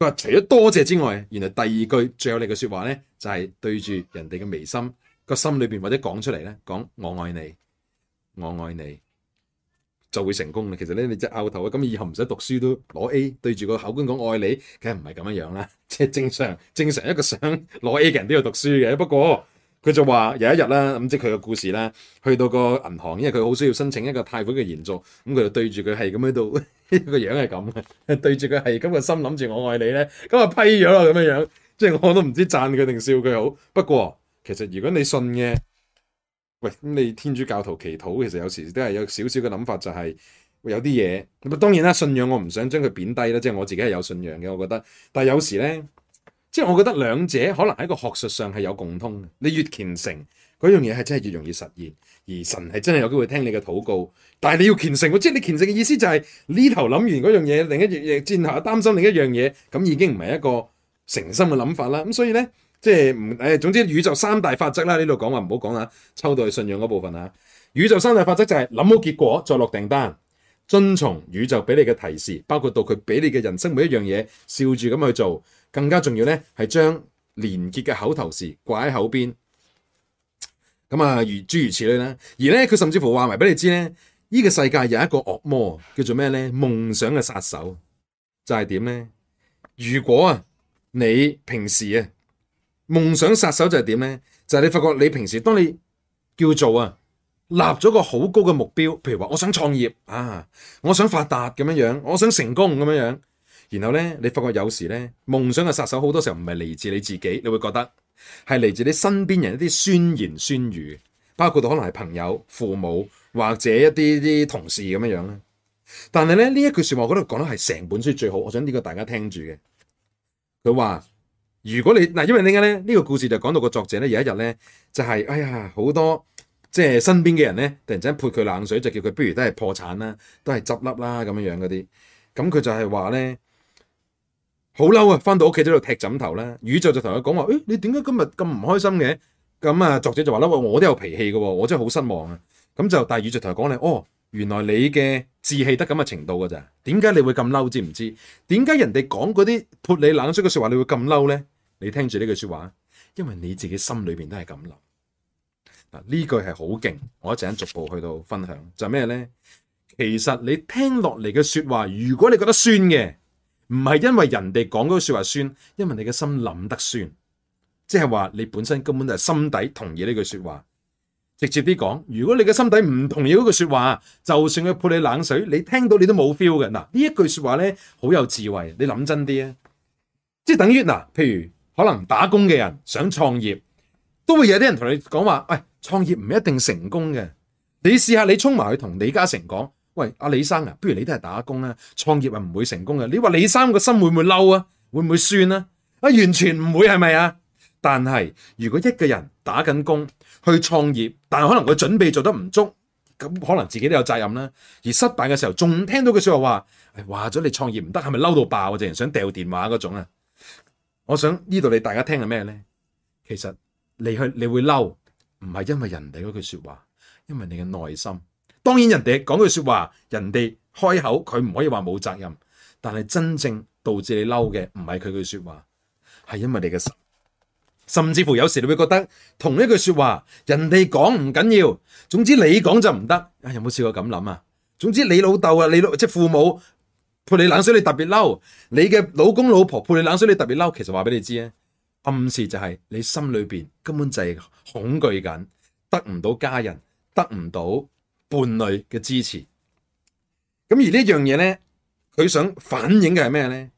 Speaker 1: 佢話除咗多謝之外，原來第二句最有力嘅説話咧，就係對住人哋嘅眉心個心裏邊或者講出嚟咧，講我愛你，我愛你。就會成功啦。其實咧，你只拗頭啊，咁以後唔使讀書都攞 A，對住個考官講愛你，梗係唔係咁樣樣啦？即 係正常，正常一個想攞 A 嘅人都要讀書嘅。不過佢就話有一日啦，唔知佢嘅故事啦，去到個銀行，因為佢好需要申請一個貸款嘅延續，咁佢就對住佢係咁喺度， 樣樣 樣個樣係咁嘅，對住佢係咁嘅心諗住我愛你咧，咁啊批咗啦咁樣樣，即係我都唔知讚佢定笑佢好。不過其實如果你信嘅。喂，咁你天主教徒祈禱，其實有時都係有少少嘅諗法、就係，就係有啲嘢。咁當然啦，信仰我唔想將佢貶低啦，即係我自己係有信仰嘅，我覺得。但係有時咧，即係我覺得兩者可能喺個學術上係有共通。你越虔誠，嗰樣嘢係真係越容易實現，而神係真係有機會聽你嘅禱告。但係你要虔誠，即係你虔誠嘅意思就係、係、呢頭諗完嗰樣嘢，另一樣嘢轉下又擔心另一樣嘢，咁已經唔係一個誠心嘅諗法啦。咁所以咧。即係唔誒，總之宇宙三大法則啦，呢度講話唔好講啦，抽到係信仰嗰部分啊。宇宙三大法則就係、是、諗好結果再落訂單，遵從宇宙俾你嘅提示，包括到佢俾你嘅人生每一樣嘢，笑住咁去做。更加重要咧，係將連結嘅口頭事掛喺口邊。咁啊，如諸如此類啦。而咧，佢甚至乎話埋俾你知咧，呢、這個世界有一個惡魔叫做咩咧？夢想嘅殺手就係點咧？如果啊，你平時啊，夢想殺手就係點呢？就係你發覺你平時，當你叫做啊立咗個好高嘅目標，譬如話我想創業啊，我想發達咁樣樣，我想成功咁樣樣。然後呢，你發覺有時呢，夢想嘅殺手好多時候唔係嚟自你自己，你會覺得係嚟自你身邊人一啲酸言酸語，包括到可能係朋友、父母或者一啲啲同事咁樣樣咧。但係咧，呢一句說話，我覺得講得係成本書最好。我想呢個大家聽住嘅，佢話。如果你嗱，因為點解咧？呢個故事就講到個作者咧，有一日咧就係，哎呀，好多即係身邊嘅人咧，突然之間潑佢冷水，就叫佢不如都係破產啦，都係執笠啦咁樣樣嗰啲。咁佢就係話咧，好嬲啊！翻到屋企都度踢枕頭啦。宇宙就同佢講話，誒，你點解今日咁唔開心嘅？咁啊，作者就話啦，喂，我都有脾氣嘅，我真係好失望啊。咁就但係宇宙同佢講你，哦，原來你嘅志氣得咁嘅程度嘅咋？點解你會咁嬲？知唔知？點解人哋講嗰啲潑你冷水嘅説話，你會咁嬲咧？你聽住呢句說話，因為你自己心裏邊都係咁諗嗱，呢句係好勁，我一陣逐步去到分享就係咩呢？其實你聽落嚟嘅說話，如果你覺得酸嘅，唔係因為人哋講嗰句說話酸，因為你嘅心諗得酸，即係話你本身根本就係心底同意呢句說話。直接啲講，如果你嘅心底唔同意嗰句說話，就算佢潑你冷水，你聽到你都冇 feel 嘅。嗱，呢一句說話呢，好有智慧，你諗真啲啊，即係等於嗱，譬如。可能打工嘅人想創業，都會有啲人同你講話：喂、哎，創業唔一定成功嘅。你試下你衝埋去同李嘉誠講：喂，阿李生啊，不如你都係打工啦，創業啊唔會成功嘅。你話李生個心會唔會嬲啊？會唔會算啊？啊，完全唔會，係咪啊？但係如果一個人打緊工去創業，但可能佢準備做得唔足，咁可能自己都有責任啦。而失敗嘅時候仲聽到佢說話：話、哎、咗你創業唔得，係咪嬲到爆啊？淨係想掉電話嗰種啊！我想呢度你大家聽係咩呢？其實你去你會嬲，唔係因為人哋嗰句說話，因為你嘅內心。當然人哋講句說話，人哋開口佢唔可以話冇責任，但係真正導致你嬲嘅唔係佢句說話，係因為你嘅心。甚至乎有時你會覺得同一句說話，人哋講唔緊要，總之你講就唔得。啊，有冇試過咁諗啊？總之你老豆啊，你老即父母，潑你冷水，你特別嬲，你嘅老公老婆潑你冷水，你特別嬲。其實話俾你知啊，暗示就係你心裏邊根本就係恐懼緊，得唔到家人，得唔到伴侶嘅支持。咁而呢樣嘢咧，佢想反映嘅係咩咧？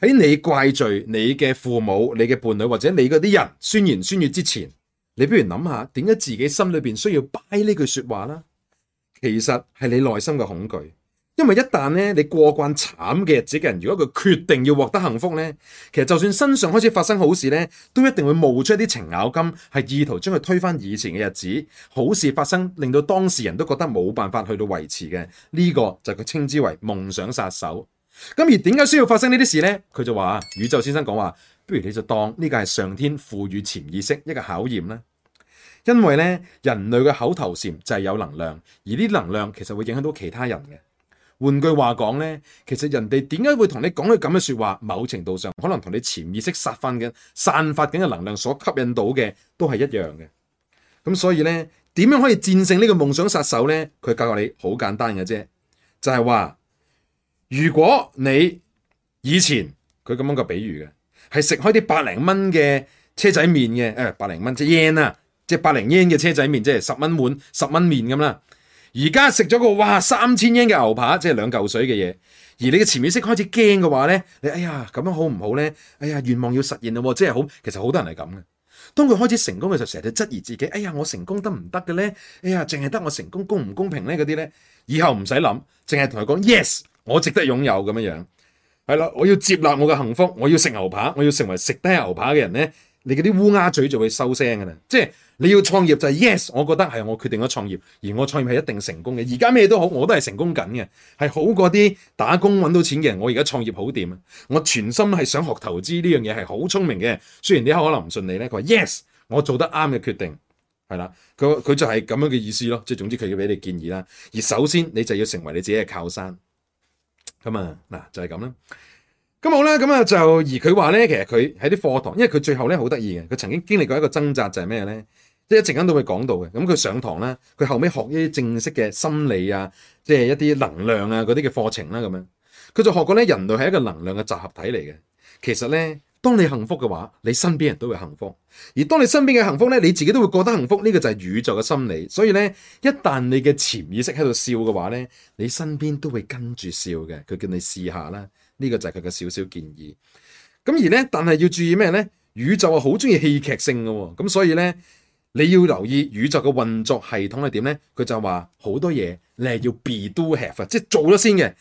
Speaker 1: 喺你怪罪你嘅父母、你嘅伴侶或者你嗰啲人，酸言酸語之前，你不如諗下點解自己心裏邊需要 buy 呢句說話啦？其實係你內心嘅恐懼。因為一旦咧你過慣慘嘅日子嘅人，如果佢決定要獲得幸福咧，其實就算身上開始發生好事咧，都一定會冒出一啲程咬金，係意圖將佢推翻以前嘅日子。好事發生，令到當事人都覺得冇辦法去到維持嘅，呢、呢個就佢稱之為夢想殺手。咁而點解需要發生呢啲事咧？佢就話宇宙先生講話，不如你就當呢個係上天賦予潛意識一個考驗啦。因為咧，人類嘅口頭禪就係有能量，而啲能量其實會影響到其他人嘅。換句話講咧，其實人哋點解會同你講啲咁嘅説話？某程度上，可能同你潛意識發翻嘅、散發緊嘅能量所吸引到嘅，都係一樣嘅。咁所以咧，點樣可以戰勝呢個夢想殺手咧？佢教教你好簡單嘅啫，就係話，如果你以前佢咁樣嘅比喻嘅，係食開啲百零蚊嘅車仔麵嘅，誒、哎、百零蚊即 yen 啊，即百零 yen 嘅車仔麵，即十蚊碗、十蚊麵咁啦。而家食咗個哇三千英嘅牛扒，即係兩嚿水嘅嘢。而你嘅潛意識開始驚嘅話咧，你哎呀咁樣好唔好咧？哎呀，好好，哎呀願望要實現啦，即係好，其實好多人係咁嘅。當佢開始成功嘅時候，成日都質疑自己，哎呀我成功得唔得嘅咧？哎呀淨係得我成功公唔公平咧？嗰啲咧，以後唔使諗，淨係同佢講 yes，我值得擁有咁樣樣。係啦，我要接納我嘅幸福，我要食牛扒，我要成為食得牛扒嘅人咧。你嗰啲烏鴉嘴就會收聲嘅啦，即係。你要創業就係、是、yes，我覺得係我決定咗創業，而我創業係一定成功嘅。而家咩都好，我都係成功緊嘅，係好過啲打工揾到錢嘅人。我而家創業好掂，啊？我全心係想學投資呢樣嘢，係好聰明嘅。雖然你可能唔順利咧，佢話 yes，我做得啱嘅決定係啦。佢就係咁樣嘅意思咯。即係總之佢要俾你建議啦。而首先你就要成為你自己嘅靠山咁啊嗱，就係咁啦。咁好啦，咁啊就而佢話呢，其實佢喺啲課堂，因為佢最後呢，好得意嘅，佢曾經經歷過一個掙扎就係、是、咩呢？即係一陣間都會講到嘅，咁佢上堂咧，佢後尾學一啲正式嘅心理啊，即係一啲能量啊嗰啲嘅課程啦、啊、咁樣，佢就學過咧，人類係一個能量嘅集合體嚟嘅。其實咧，當你幸福嘅話，你身邊人都會幸福；而當你身邊嘅幸福咧，你自己都會覺得幸福。呢、這個就係宇宙嘅心理。所以咧，一旦你嘅潛意識喺度笑嘅話咧，你身邊都會跟住笑嘅。佢叫你試下啦，呢、這個就係佢嘅少少建議。咁而咧，但係要注意咩咧？宇宙啊，好中意戲劇性嘅喎，咁所以咧。你要留意宇宙嘅運作系統係點咧？佢就話好多嘢你係要 be do have，即係做咗先嘅。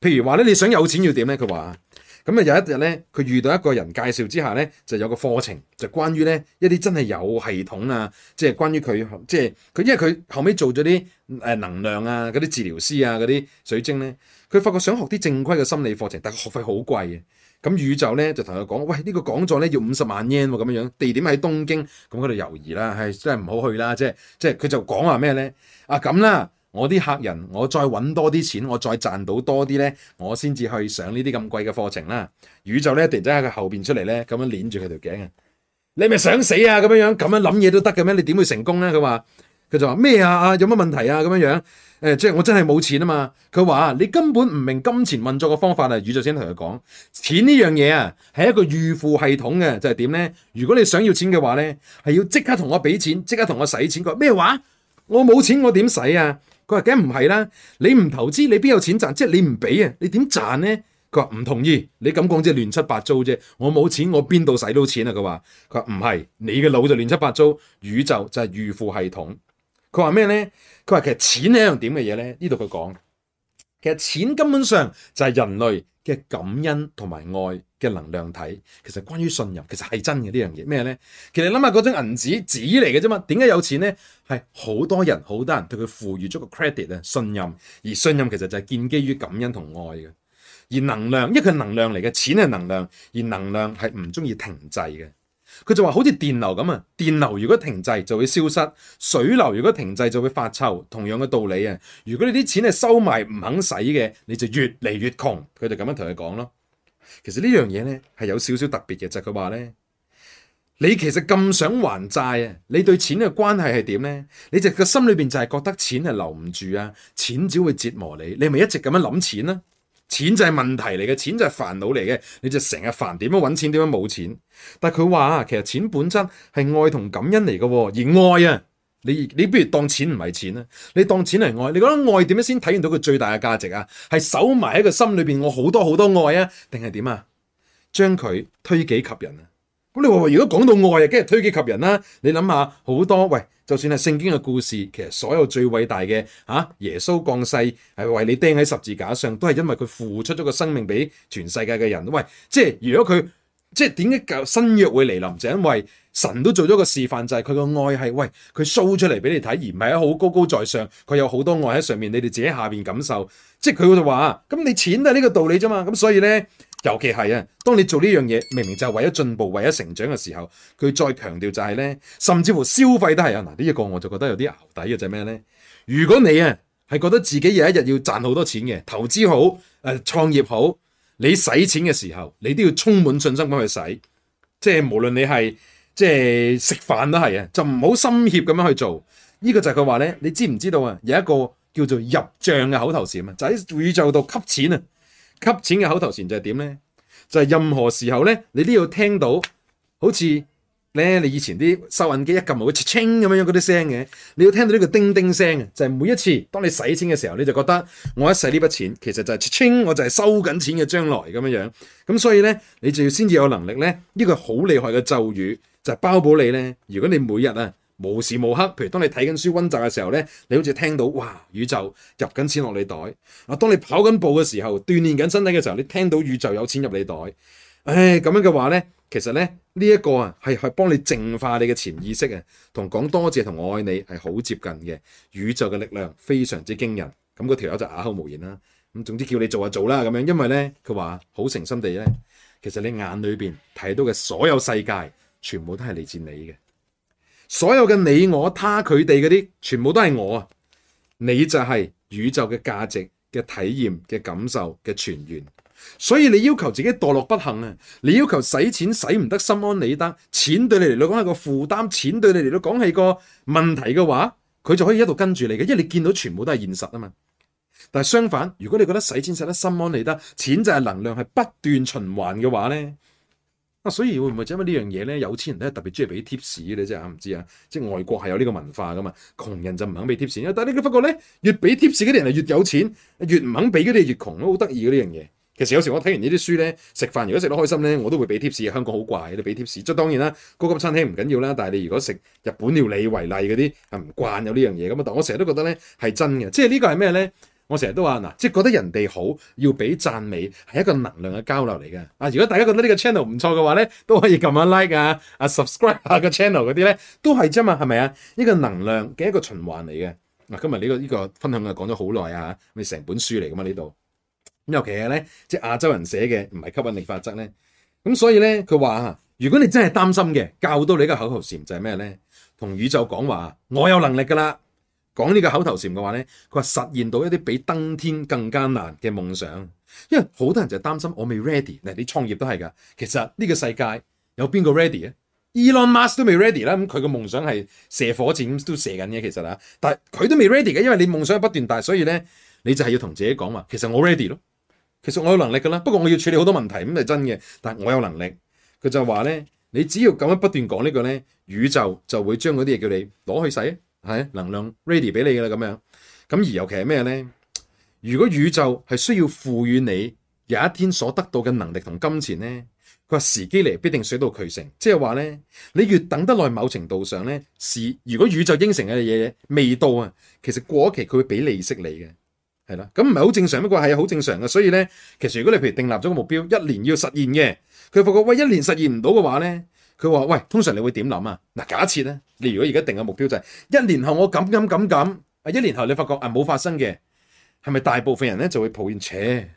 Speaker 1: 譬如話咧，你想有錢要點咧？佢話。咁啊有一日咧，佢遇到一個人介紹之下咧，就有個課程，就關於咧一啲真係有系統啊，即係關於佢即係佢，因為佢後尾做咗啲誒能量啊嗰啲治療師啊嗰啲水晶咧，佢發覺想學啲正規嘅心理課程，但係學費好貴啊。咁宇宙咧就同佢講：「喂，呢個講座咧要五十萬日圓喎，咁樣樣地點喺東京，咁佢就猶豫啦，係真係唔好去啦，即係即係佢就講話咩咧？啊咁啦。我啲客人，我再揾多啲錢，我再賺到多啲呢，我先至去上呢啲咁貴嘅課程啦。宇宙呢，突然之間喺佢後邊出嚟呢，咁樣捏住佢條頸啊！你係咪想死啊！咁樣樣咁樣諗嘢都得嘅咩？你點會成功呢？佢話佢就話咩啊？有乜問題啊？咁樣樣、呃、即係我真係冇錢啊嘛！佢話你根本唔明金錢運作嘅方法啊！宇宙先同佢講，錢呢樣嘢啊，係一個預付系統嘅，就係、是、點呢？如果你想要錢嘅話呢，係要即刻同我俾錢，即刻同我使錢。佢咩話？我冇錢，我點使啊？佢話梗唔係啦，你唔投資你邊有錢賺？即係你唔俾啊，你點賺咧？佢話唔同意，你咁講即係亂七八糟啫。我冇錢，我邊度使到錢啊？佢話，佢話唔係，你嘅腦就亂七八糟，宇宙就係預付系統。佢話咩咧？佢話其實錢係一樣點嘅嘢咧？呢度佢講，其實錢根本上就係人類嘅感恩同埋愛嘅能量體，其實關於信任，其實係真嘅呢樣嘢咩咧？其實你諗下嗰張銀紙紙嚟嘅啫嘛，點解有錢咧？係好多人好多人對佢賦予咗個 credit 啊，信任，而信任其實就係建基於感恩同愛嘅，而能量，因為佢係能量嚟嘅，錢係能量，而能量係唔中意停滯嘅。佢就話好似電流咁啊，電流如果停滯就會消失，水流如果停滯就會發臭，同樣嘅道理啊。如果你啲錢係收埋唔肯使嘅，你就越嚟越窮。佢就咁樣同你講咯。其實呢樣嘢咧係有少少特別嘅，就佢話咧，你其實咁想還債啊，你對錢嘅關係係點咧？你就個心裏邊就係覺得錢係留唔住啊，錢只會折磨你。你咪一直咁樣諗錢啊？錢就係問題嚟嘅，錢就係煩惱嚟嘅，你就成日煩點樣揾錢，點樣冇錢。但係佢話其實錢本身係愛同感恩嚟嘅，而愛啊，你你不如當錢唔係錢啊。你當錢係愛。你覺得愛點樣先體現到佢最大嘅價值啊？係守埋喺個心裏邊，我好多好多愛啊，定係點啊？將佢推己及人啊！咁你話如果講到愛啊，梗係推己及、及人啦。你諗下，好多喂，就算係聖經嘅故事，其實所有最偉大嘅吓、啊、耶穌降世，係為你釘喺十字架上，都係因為佢付出咗個生命俾全世界嘅人。喂，即係如果佢即係點解舊新約會嚟臨，就是、因為神都做咗個示範，就係佢個愛係喂佢 show 出嚟俾你睇，而唔係喺好高高在上，佢有好多愛喺上面，你哋自己下邊感受。即係佢就話啊，咁你錢都係呢個道理啫嘛。咁所以咧。尤其係啊，當你做呢樣嘢，明明就係為咗進步、為咗成長嘅時候，佢再強調就係、是、呢，甚至乎消費都係啊嗱，呢、這、一個我就覺得有啲淆底嘅就係咩呢？如果你啊係覺得自己有一日要賺好多錢嘅，投資好誒、呃，創業好，你使錢嘅時候，你都要充滿信心咁去使，即係無論你係即係食飯都係啊，就唔好心怯咁樣去做。呢、這個就係佢話呢，你知唔知道啊？有一個叫做入賬嘅口頭禪啊，就喺、是、宇宙度吸錢啊！吸錢嘅口頭禪就係點呢？就係、是、任何時候呢，你都要聽到，好似咧你以前啲收銀機一撳會，清咁樣樣嗰啲聲嘅，你要聽到呢個叮叮聲嘅，就係、是、每一次當你使錢嘅時候，你就覺得我一使呢筆錢，其實就係清，我就係收緊錢嘅將來咁樣樣。咁所以呢，你就要先至有能力呢，呢個好厲害嘅咒語就係、是、包保你呢，如果你每日啊。無時無刻，譬如當你睇緊書溫習嘅時候咧，你好似聽到哇，宇宙入緊錢落你袋。啊，當你跑緊步嘅時候，鍛煉緊身體嘅時候，你聽到宇宙有錢入你袋。唉，咁樣嘅話咧，其實咧呢一個啊係係幫你淨化你嘅潛意識啊，同講多謝同我愛你係好接近嘅。宇宙嘅力量非常之驚人。咁嗰條友就啞口無言啦。咁總之叫你做就做啦，咁樣，因為咧佢話好誠心地咧，其實你眼裏邊睇到嘅所有世界，全部都係嚟自你嘅。所有嘅你、我、他、佢哋嗰啲，全部都係我啊！你就係宇宙嘅價值嘅體驗嘅感受嘅傳源。所以你要求自己墮落不幸啊！你要求使錢使唔得心安理得，錢對你嚟講係個負擔，錢對你嚟講係個問題嘅話，佢就可以一路跟住你嘅，因為你見到全部都係現實啊嘛。但係相反，如果你覺得使錢使得心安理得，錢就係能量，係不斷循環嘅話呢。啊，所以會唔會因為呢樣嘢咧？有錢人都特別中意俾貼士，你真係啫，唔知啊？即係外國係有呢個文化噶嘛，窮人就唔肯俾貼士。但係你發覺咧，越俾貼士嘅人係越有錢，越唔肯俾嗰啲越窮，都好得意嘅呢樣嘢。其實有時我睇完呢啲書咧，食飯如果食得開心咧，我都會俾貼士。香港好怪，你俾貼士。即係當然啦，高級餐廳唔緊要啦。但係你如果食日本料理為例嗰啲，係唔慣有呢樣嘢咁啊。但我成日都覺得咧，係真嘅，即係呢個係咩咧？我成日都話嗱，即係覺得人哋好要俾讚美，係一個能量嘅交流嚟嘅。啊，如果大家覺得呢個 channel 唔錯嘅話咧，都可以撳下 like 啊，啊 subscribe 下個 channel 嗰啲咧，都係啫嘛，係咪啊？呢個能量嘅一個循環嚟嘅。嗱、啊，今日呢、這個呢、這個分享啊，講咗好耐啊，咪成本書嚟噶嘛呢度。咁尤其係咧，即係亞洲人寫嘅唔係吸引力法則咧。咁、啊、所以咧，佢話吓，如果你真係擔心嘅，教到你嘅口頭禪就係咩咧？同宇宙講話，我有能力噶啦。講呢個口頭禪嘅話咧，佢話實現到一啲比登天更加難嘅夢想，因為好多人就係擔心我未 ready。嗱，你創業都係噶，其實呢個世界有邊個 ready 啊？Elon Musk 都未 ready 啦，咁佢個夢想係射火箭都射緊嘅其實啊，但係佢都未 ready 嘅，因為你夢想係不斷大，所以咧，你就係要同自己講話，其實我 ready 咯，其實我有能力噶啦，不過我要處理好多問題咁係真嘅，但係我有能力。佢就話咧，你只要咁樣不斷講呢個咧，宇宙就會將嗰啲嘢，叫你攞去使。係能量 ready 俾你嘅啦，咁樣咁而尤其係咩咧？如果宇宙係需要賦予你有一天所得到嘅能力同金錢咧，佢話時機嚟，必定水到渠成，即係話咧，你越等得耐，某程度上咧，是如果宇宙應承嘅嘢未到啊，其實過期佢會俾利息你嘅。係啦，咁唔係好正常，不過係好正常嘅，所以咧，其實如果你譬如訂立咗個目標，一年要實現嘅，佢發覺喂，一年實現唔到嘅話咧。佢話：喂，通常你會點諗啊？嗱，假設咧，你如果而家定嘅目標就係、是、一年後我咁咁咁咁，啊一年後你發覺啊冇發生嘅，係咪大部分人咧就會抱怨？扯、呃？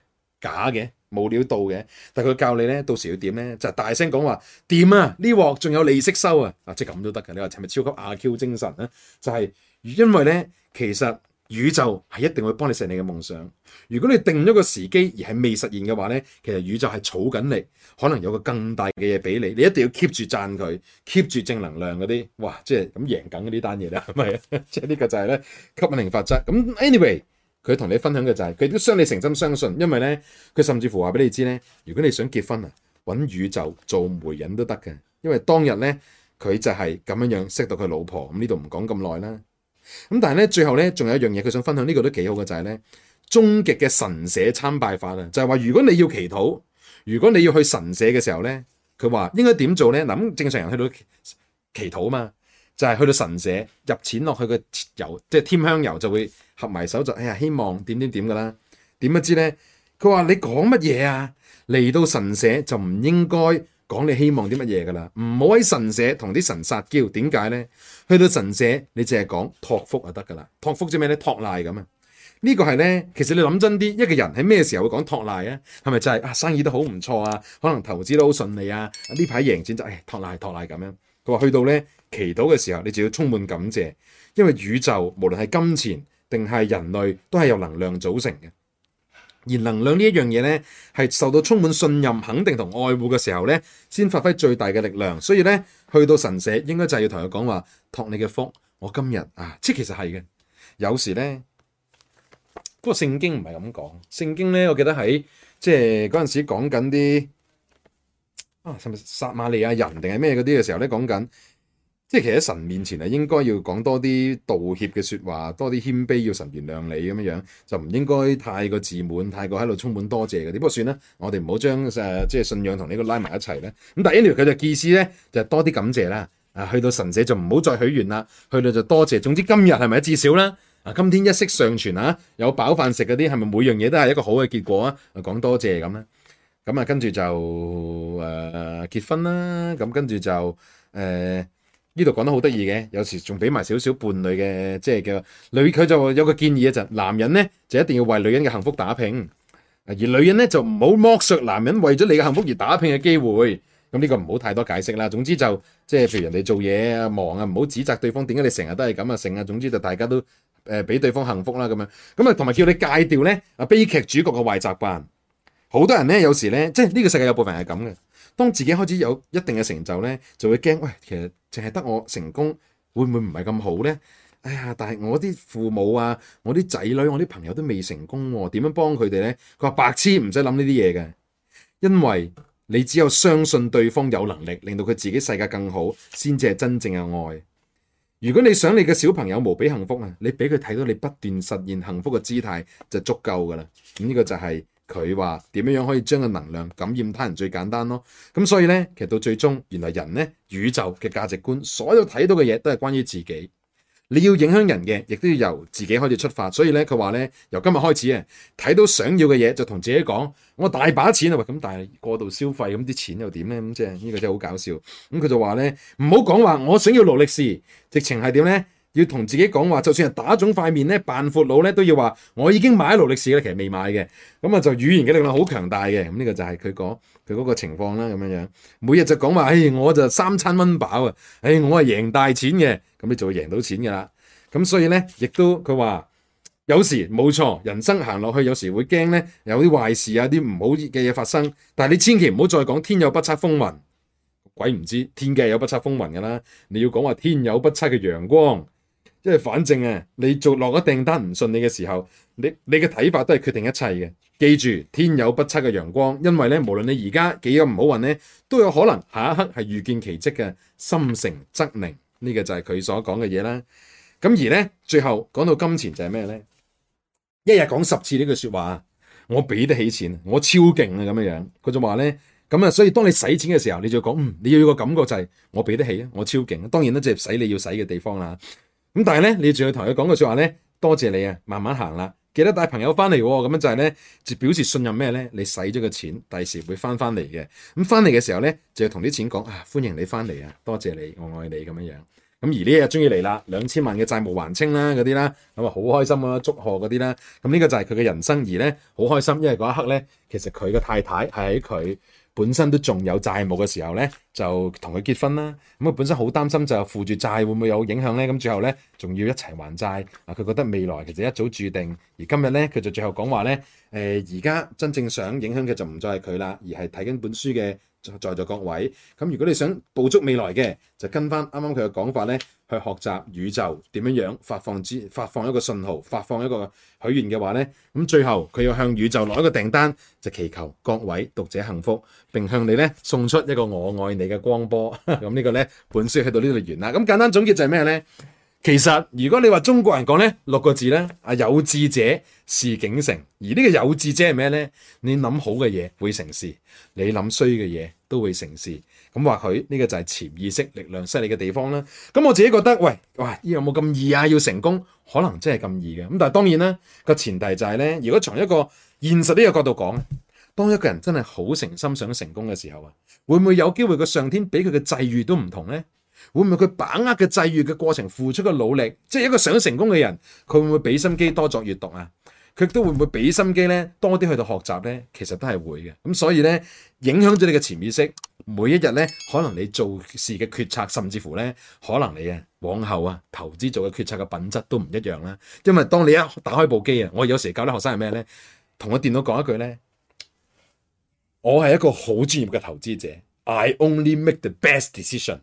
Speaker 1: 假嘅，冇料到嘅。但係佢教你咧，到時要點咧，就係、是、大聲講話掂啊！呢鑊仲有利息收啊！啊，即係咁都得㗎。你話係咪超級阿 Q 精神咧？就係、是、因為咧，其實。宇宙係一定會幫你實現你嘅夢想。如果你定咗個時機，而係未實現嘅話呢，其實宇宙係儲緊你，可能有個更大嘅嘢俾你。你一定要 keep 住讚佢，keep 住正能量嗰啲，哇！即係咁贏緊呢單嘢啦，係咪啊？ 即係呢個就係咧吸引力法則。咁 anyway，佢同你分享嘅就係佢都相你誠心相信，因為呢，佢甚至乎話俾你知咧，如果你想結婚啊，搵宇宙做媒人都得嘅，因為當日呢，佢就係咁樣樣識到佢老婆。咁呢度唔講咁耐啦。咁但係咧，最後咧，仲有一樣嘢佢想分享，這個就是、呢個都幾好嘅就係咧終極嘅神社參拜法啊，就係、是、話如果你要祈禱，如果你要去神社嘅時候咧，佢話應該點做咧。嗱，正常人去到祈禱啊嘛，就係、是、去到神社入錢落去嘅油，即、就、係、是、添香油就會合埋手就哎呀希望點點點噶啦，點啊知咧？佢話你講乜嘢啊？嚟到神社就唔應該。講你希望啲乜嘢噶啦，唔好喺神社同啲神撒嬌。點解咧？去到神社，你淨係講托福就得噶啦，托福即咩咧？托賴咁啊！呢個係咧，其實你諗真啲，一個人喺咩時候會講托賴啊？係咪就係啊？生意都好唔錯啊，可能投資都好順利啊？呢排贏錢就係托賴托賴咁樣。佢話去到咧祈禱嘅時候，你就要充滿感謝，因為宇宙無論係金錢定係人類，都係由能量組成嘅。而能量呢一樣嘢咧，係受到充滿信任、肯定同愛護嘅時候咧，先發揮最大嘅力量。所以咧，去到神社應該就係要同佢講話，託你嘅福，我今日啊，即係其實係嘅。有時咧，不過聖經唔係咁講。聖經咧，我記得喺即係嗰陣時講緊啲啊，係咪撒瑪利亞人定係咩嗰啲嘅時候咧，講緊。即係其實神面前啊，應該要講多啲道歉嘅説話，多啲謙卑，要神原諒你咁樣樣，就唔應該太過自滿，太過喺度充滿多謝嘅。點不過算啦，我哋唔好將誒即係信仰同、anyway, 呢個拉埋一齊咧。咁第一條佢就意思咧，就係、多啲感謝啦。啊，去到神社就唔好再許願啦，去到就多謝。總之今日係咪至少啦？啊，今天一息尚存啊，有飽飯食嗰啲係咪每樣嘢都係一個好嘅結果啊？講多謝咁啦。咁啊，跟住就誒、呃、結婚啦。咁跟住就誒。呃呢度講得好得意嘅，有時仲俾埋少少伴侶嘅，即係叫女，佢就有個建議啊，就是，男人咧就一定要為女人嘅幸福打拼，而女人咧就唔好剝削男人為咗你嘅幸福而打拼嘅機會。咁、這、呢個唔好太多解釋啦，總之就即係譬如人哋做嘢啊、忙啊，唔好指責對方點解你成日都係咁啊、成啊，總之就大家都誒俾、呃、對方幸福啦咁樣。咁啊同埋叫你戒掉咧啊悲劇主角嘅壞習慣。好多人咧有時咧，即係呢、這個世界有部分係咁嘅。當自己開始有一定嘅成就呢，就會驚喂，其實淨係得我成功，會唔會唔係咁好呢？哎呀，但係我啲父母啊，我啲仔女，我啲朋友都未成功喎，啊，點樣幫佢哋咧？佢話白痴，唔使諗呢啲嘢嘅，因為你只有相信對方有能力，令到佢自己世界更好，先至係真正嘅愛。如果你想你嘅小朋友無比幸福啊，你俾佢睇到你不斷實現幸福嘅姿態就足夠㗎喇。咁、嗯、呢、呢個就係、是。佢話點樣可以將個能量感染他人，最簡單咯，咁所以咧，其實到最終原來人咧，宇宙嘅價值觀，所有睇到嘅嘢都係關於自己。你要影響人嘅，亦都要由自己開始出發。所以咧，佢話咧，由今日開始啊，睇到想要嘅嘢就同自己講，我大把錢啊，喂，咁但係過度消費，咁啲錢又點咧？咁即係呢個真係好搞笑。咁佢就話咧，唔好講話我想要勞力士，直情係點咧？要同自己講話，就算係打腫塊面咧，扮闊佬咧，都要話我已經買勞力士喇，其實未買嘅。咁啊，就語言嘅力量好強大嘅。咁呢個就係佢講佢嗰個情況啦，咁樣樣。每日就講話，唉、哎，我就三餐溫飽啊，唉、哎，我係贏大錢嘅，咁你就會贏到錢噶啦。咁所以咧，亦都佢話，有時冇錯，人生行落去，有時會驚咧，有啲壞事啊，啲唔好嘅嘢發生。但係你千祈唔好再講天有不測風雲，鬼唔知天計有不測風雲噶啦。你要講話天有不測嘅陽光。即係反正啊，你做落咗訂單唔信你嘅時候，你你嘅睇法都係決定一切嘅。記住天有不測嘅陽光，因為咧無論你而家幾咁唔好運咧，都有可能下一刻係遇見奇跡嘅。心誠則靈，呢、這個就係佢所講嘅嘢啦。咁而咧最後講到金錢就係咩咧？一日講十次呢句說話，我俾得起錢，我超勁啊咁嘅樣。佢就話咧咁啊，所以當你使錢嘅時候，你就講、嗯，你要有個感覺就係、是、我俾得起啊，我超勁、啊。當然啦，即係使你要使嘅地方啦。咁但係咧，你仲要同佢講句說話咧，多謝你啊，慢慢行啦，記得帶朋友翻嚟喎，咁樣就係咧，就表示信任咩咧？你使咗個錢，第時會翻翻嚟嘅。咁翻嚟嘅時候咧，就要同啲錢講啊，歡迎你翻嚟啊，多謝你，我愛你咁樣樣。咁而呢一日終於嚟啦，兩千萬嘅債務還清啦，啊，嗰啲啦，咁啊好開心啊，祝賀嗰啲啦。咁呢個就係佢嘅人生而咧，好開心，因為嗰一刻咧，其實佢嘅太太係喺佢。本身都仲有債務嘅時候咧，就同佢結婚啦。咁、嗯、佢本身好擔心就係負住債會唔會有影響咧。咁最後咧，仲要一齊還債。啊，佢覺得未來其實一早注定。而今日咧，佢就最後講話咧，誒而家真正想影響嘅就唔再係佢啦，而係睇緊本書嘅。在座各位，咁如果你想捕捉未來嘅，就跟翻啱啱佢嘅講法咧，去學習宇宙點樣樣發放之，發放一個信號，發放一個許願嘅話咧，咁最後佢要向宇宙攞一個訂單，就祈求各位讀者幸福，並向你咧送出一個我愛你嘅光波。咁 呢個咧本書去到呢度完啦。咁簡單總結就係咩咧？其實如果你話中國人講呢六個字呢，啊，有志者事竟成，而呢個有志者係咩呢？你諗好嘅嘢會成事，你諗衰嘅嘢都會成事。咁或許呢個就係潛意識力量犀利嘅地方啦。咁我自己覺得，喂，哇，有冇咁易啊？要成功可能真係咁易嘅。咁但係當然啦，個前提就係呢：如果從一個現實呢個角度講，當一個人真係好誠心想成功嘅時候啊，會唔會有機會個上天俾佢嘅際遇都唔同呢？會唔會佢把握嘅際遇嘅過程付出嘅努力，即係一個想成功嘅人，佢會唔會俾心機多作閱讀啊？佢都會唔會俾心機咧多啲去到學習咧？其實都係會嘅。咁所以咧，影響咗你嘅潛意識，每一日咧，可能你做事嘅決策，甚至乎咧，可能你啊往後啊投資做嘅決策嘅品質都唔一樣啦。因為當你一打開部機啊，我有時教啲學生係咩咧，同個電腦講一句咧，我係一個好專業嘅投資者，I only make the best decision。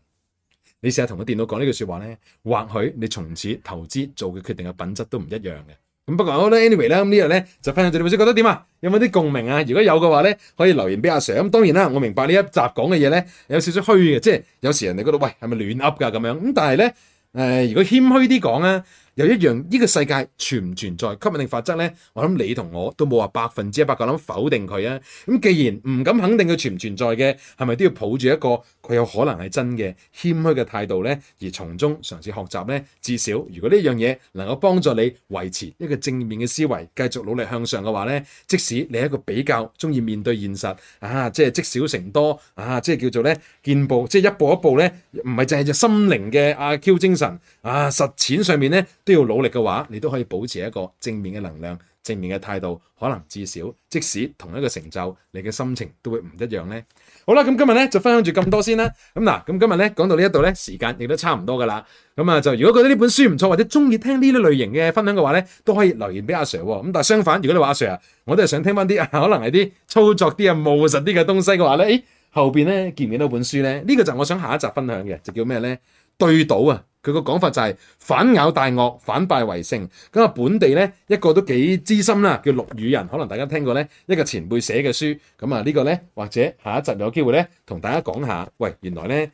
Speaker 1: 你成日同個電腦講呢句說話咧，或許你從此投資做嘅決定嘅品質都唔一樣嘅。咁不過好啦，anyway 啦，咁呢樣咧就分享咗俾你先，覺得點啊？有冇啲共鳴啊？如果有嘅話咧，可以留言俾阿 Sir。咁當然啦，我明白呢一集講嘅嘢，咧有少少虛嘅，即係有時人哋覺得喂係咪亂噏噶咁樣。咁但係咧，誒、呃、如果謙虛啲講咧。又一樣，呢個世界存唔存在吸引力法則呢？我諗你同我都冇話百分之一百咁諗否定佢啊。咁既然唔敢肯定佢存唔存在嘅，係咪都要抱住一個佢有可能係真嘅謙虛嘅態度呢？而從中嘗試學習呢，至少如果呢樣嘢能夠幫助你維持一個正面嘅思維，繼續努力向上嘅話呢，即使你係一個比較中意面對現實啊，即係積少成多啊，即係叫做呢見步，即係一步一步呢，唔係淨係隻心靈嘅阿 Q 精神啊，實踐上面呢，需要努力嘅話，你都可以保持一個正面嘅能量、正面嘅態度，可能至少即使同一個成就，你嘅心情都會唔一樣呢。好啦，咁今日咧就分享住咁多先啦。咁嗱，咁今日咧講到呢一度咧，時間亦都差唔多噶啦。咁啊，就如果覺得呢本書唔錯，或者中意聽呢啲類型嘅分享嘅話咧，都可以留言俾阿 Sir。咁但係相反，如果你話阿 Sir 啊，我都係想聽翻啲可能係啲操作啲啊務實啲嘅東西嘅話咧，誒後邊咧見唔見到本書咧？呢、呢個就我想下一集分享嘅，就叫咩咧？對賭啊！佢個講法就係反咬大鱷，反敗為勝。咁啊，本地呢一個都幾資深啦，叫陸羽仁，可能大家聽過呢一個前輩寫嘅書。咁啊，呢個呢，或者下一集有機會呢，同大家講下。喂，原來呢。」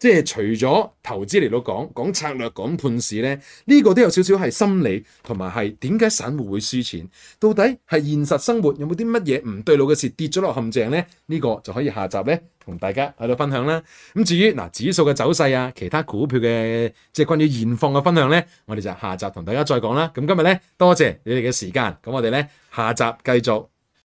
Speaker 1: 即係除咗投資嚟到講講策略講判市咧，呢個都有少少係心理同埋係點解散戶會輸錢，到底係現實生活有冇啲乜嘢唔對路嘅事跌咗落陷阱咧？呢個就可以下集咧同大家喺度分享啦。咁至於嗱，指數嘅走勢啊，其他股票嘅即係關於現況嘅分享咧，我哋就下集同大家再講啦。咁今日咧，多謝你哋嘅時間，咁我哋咧下集繼續。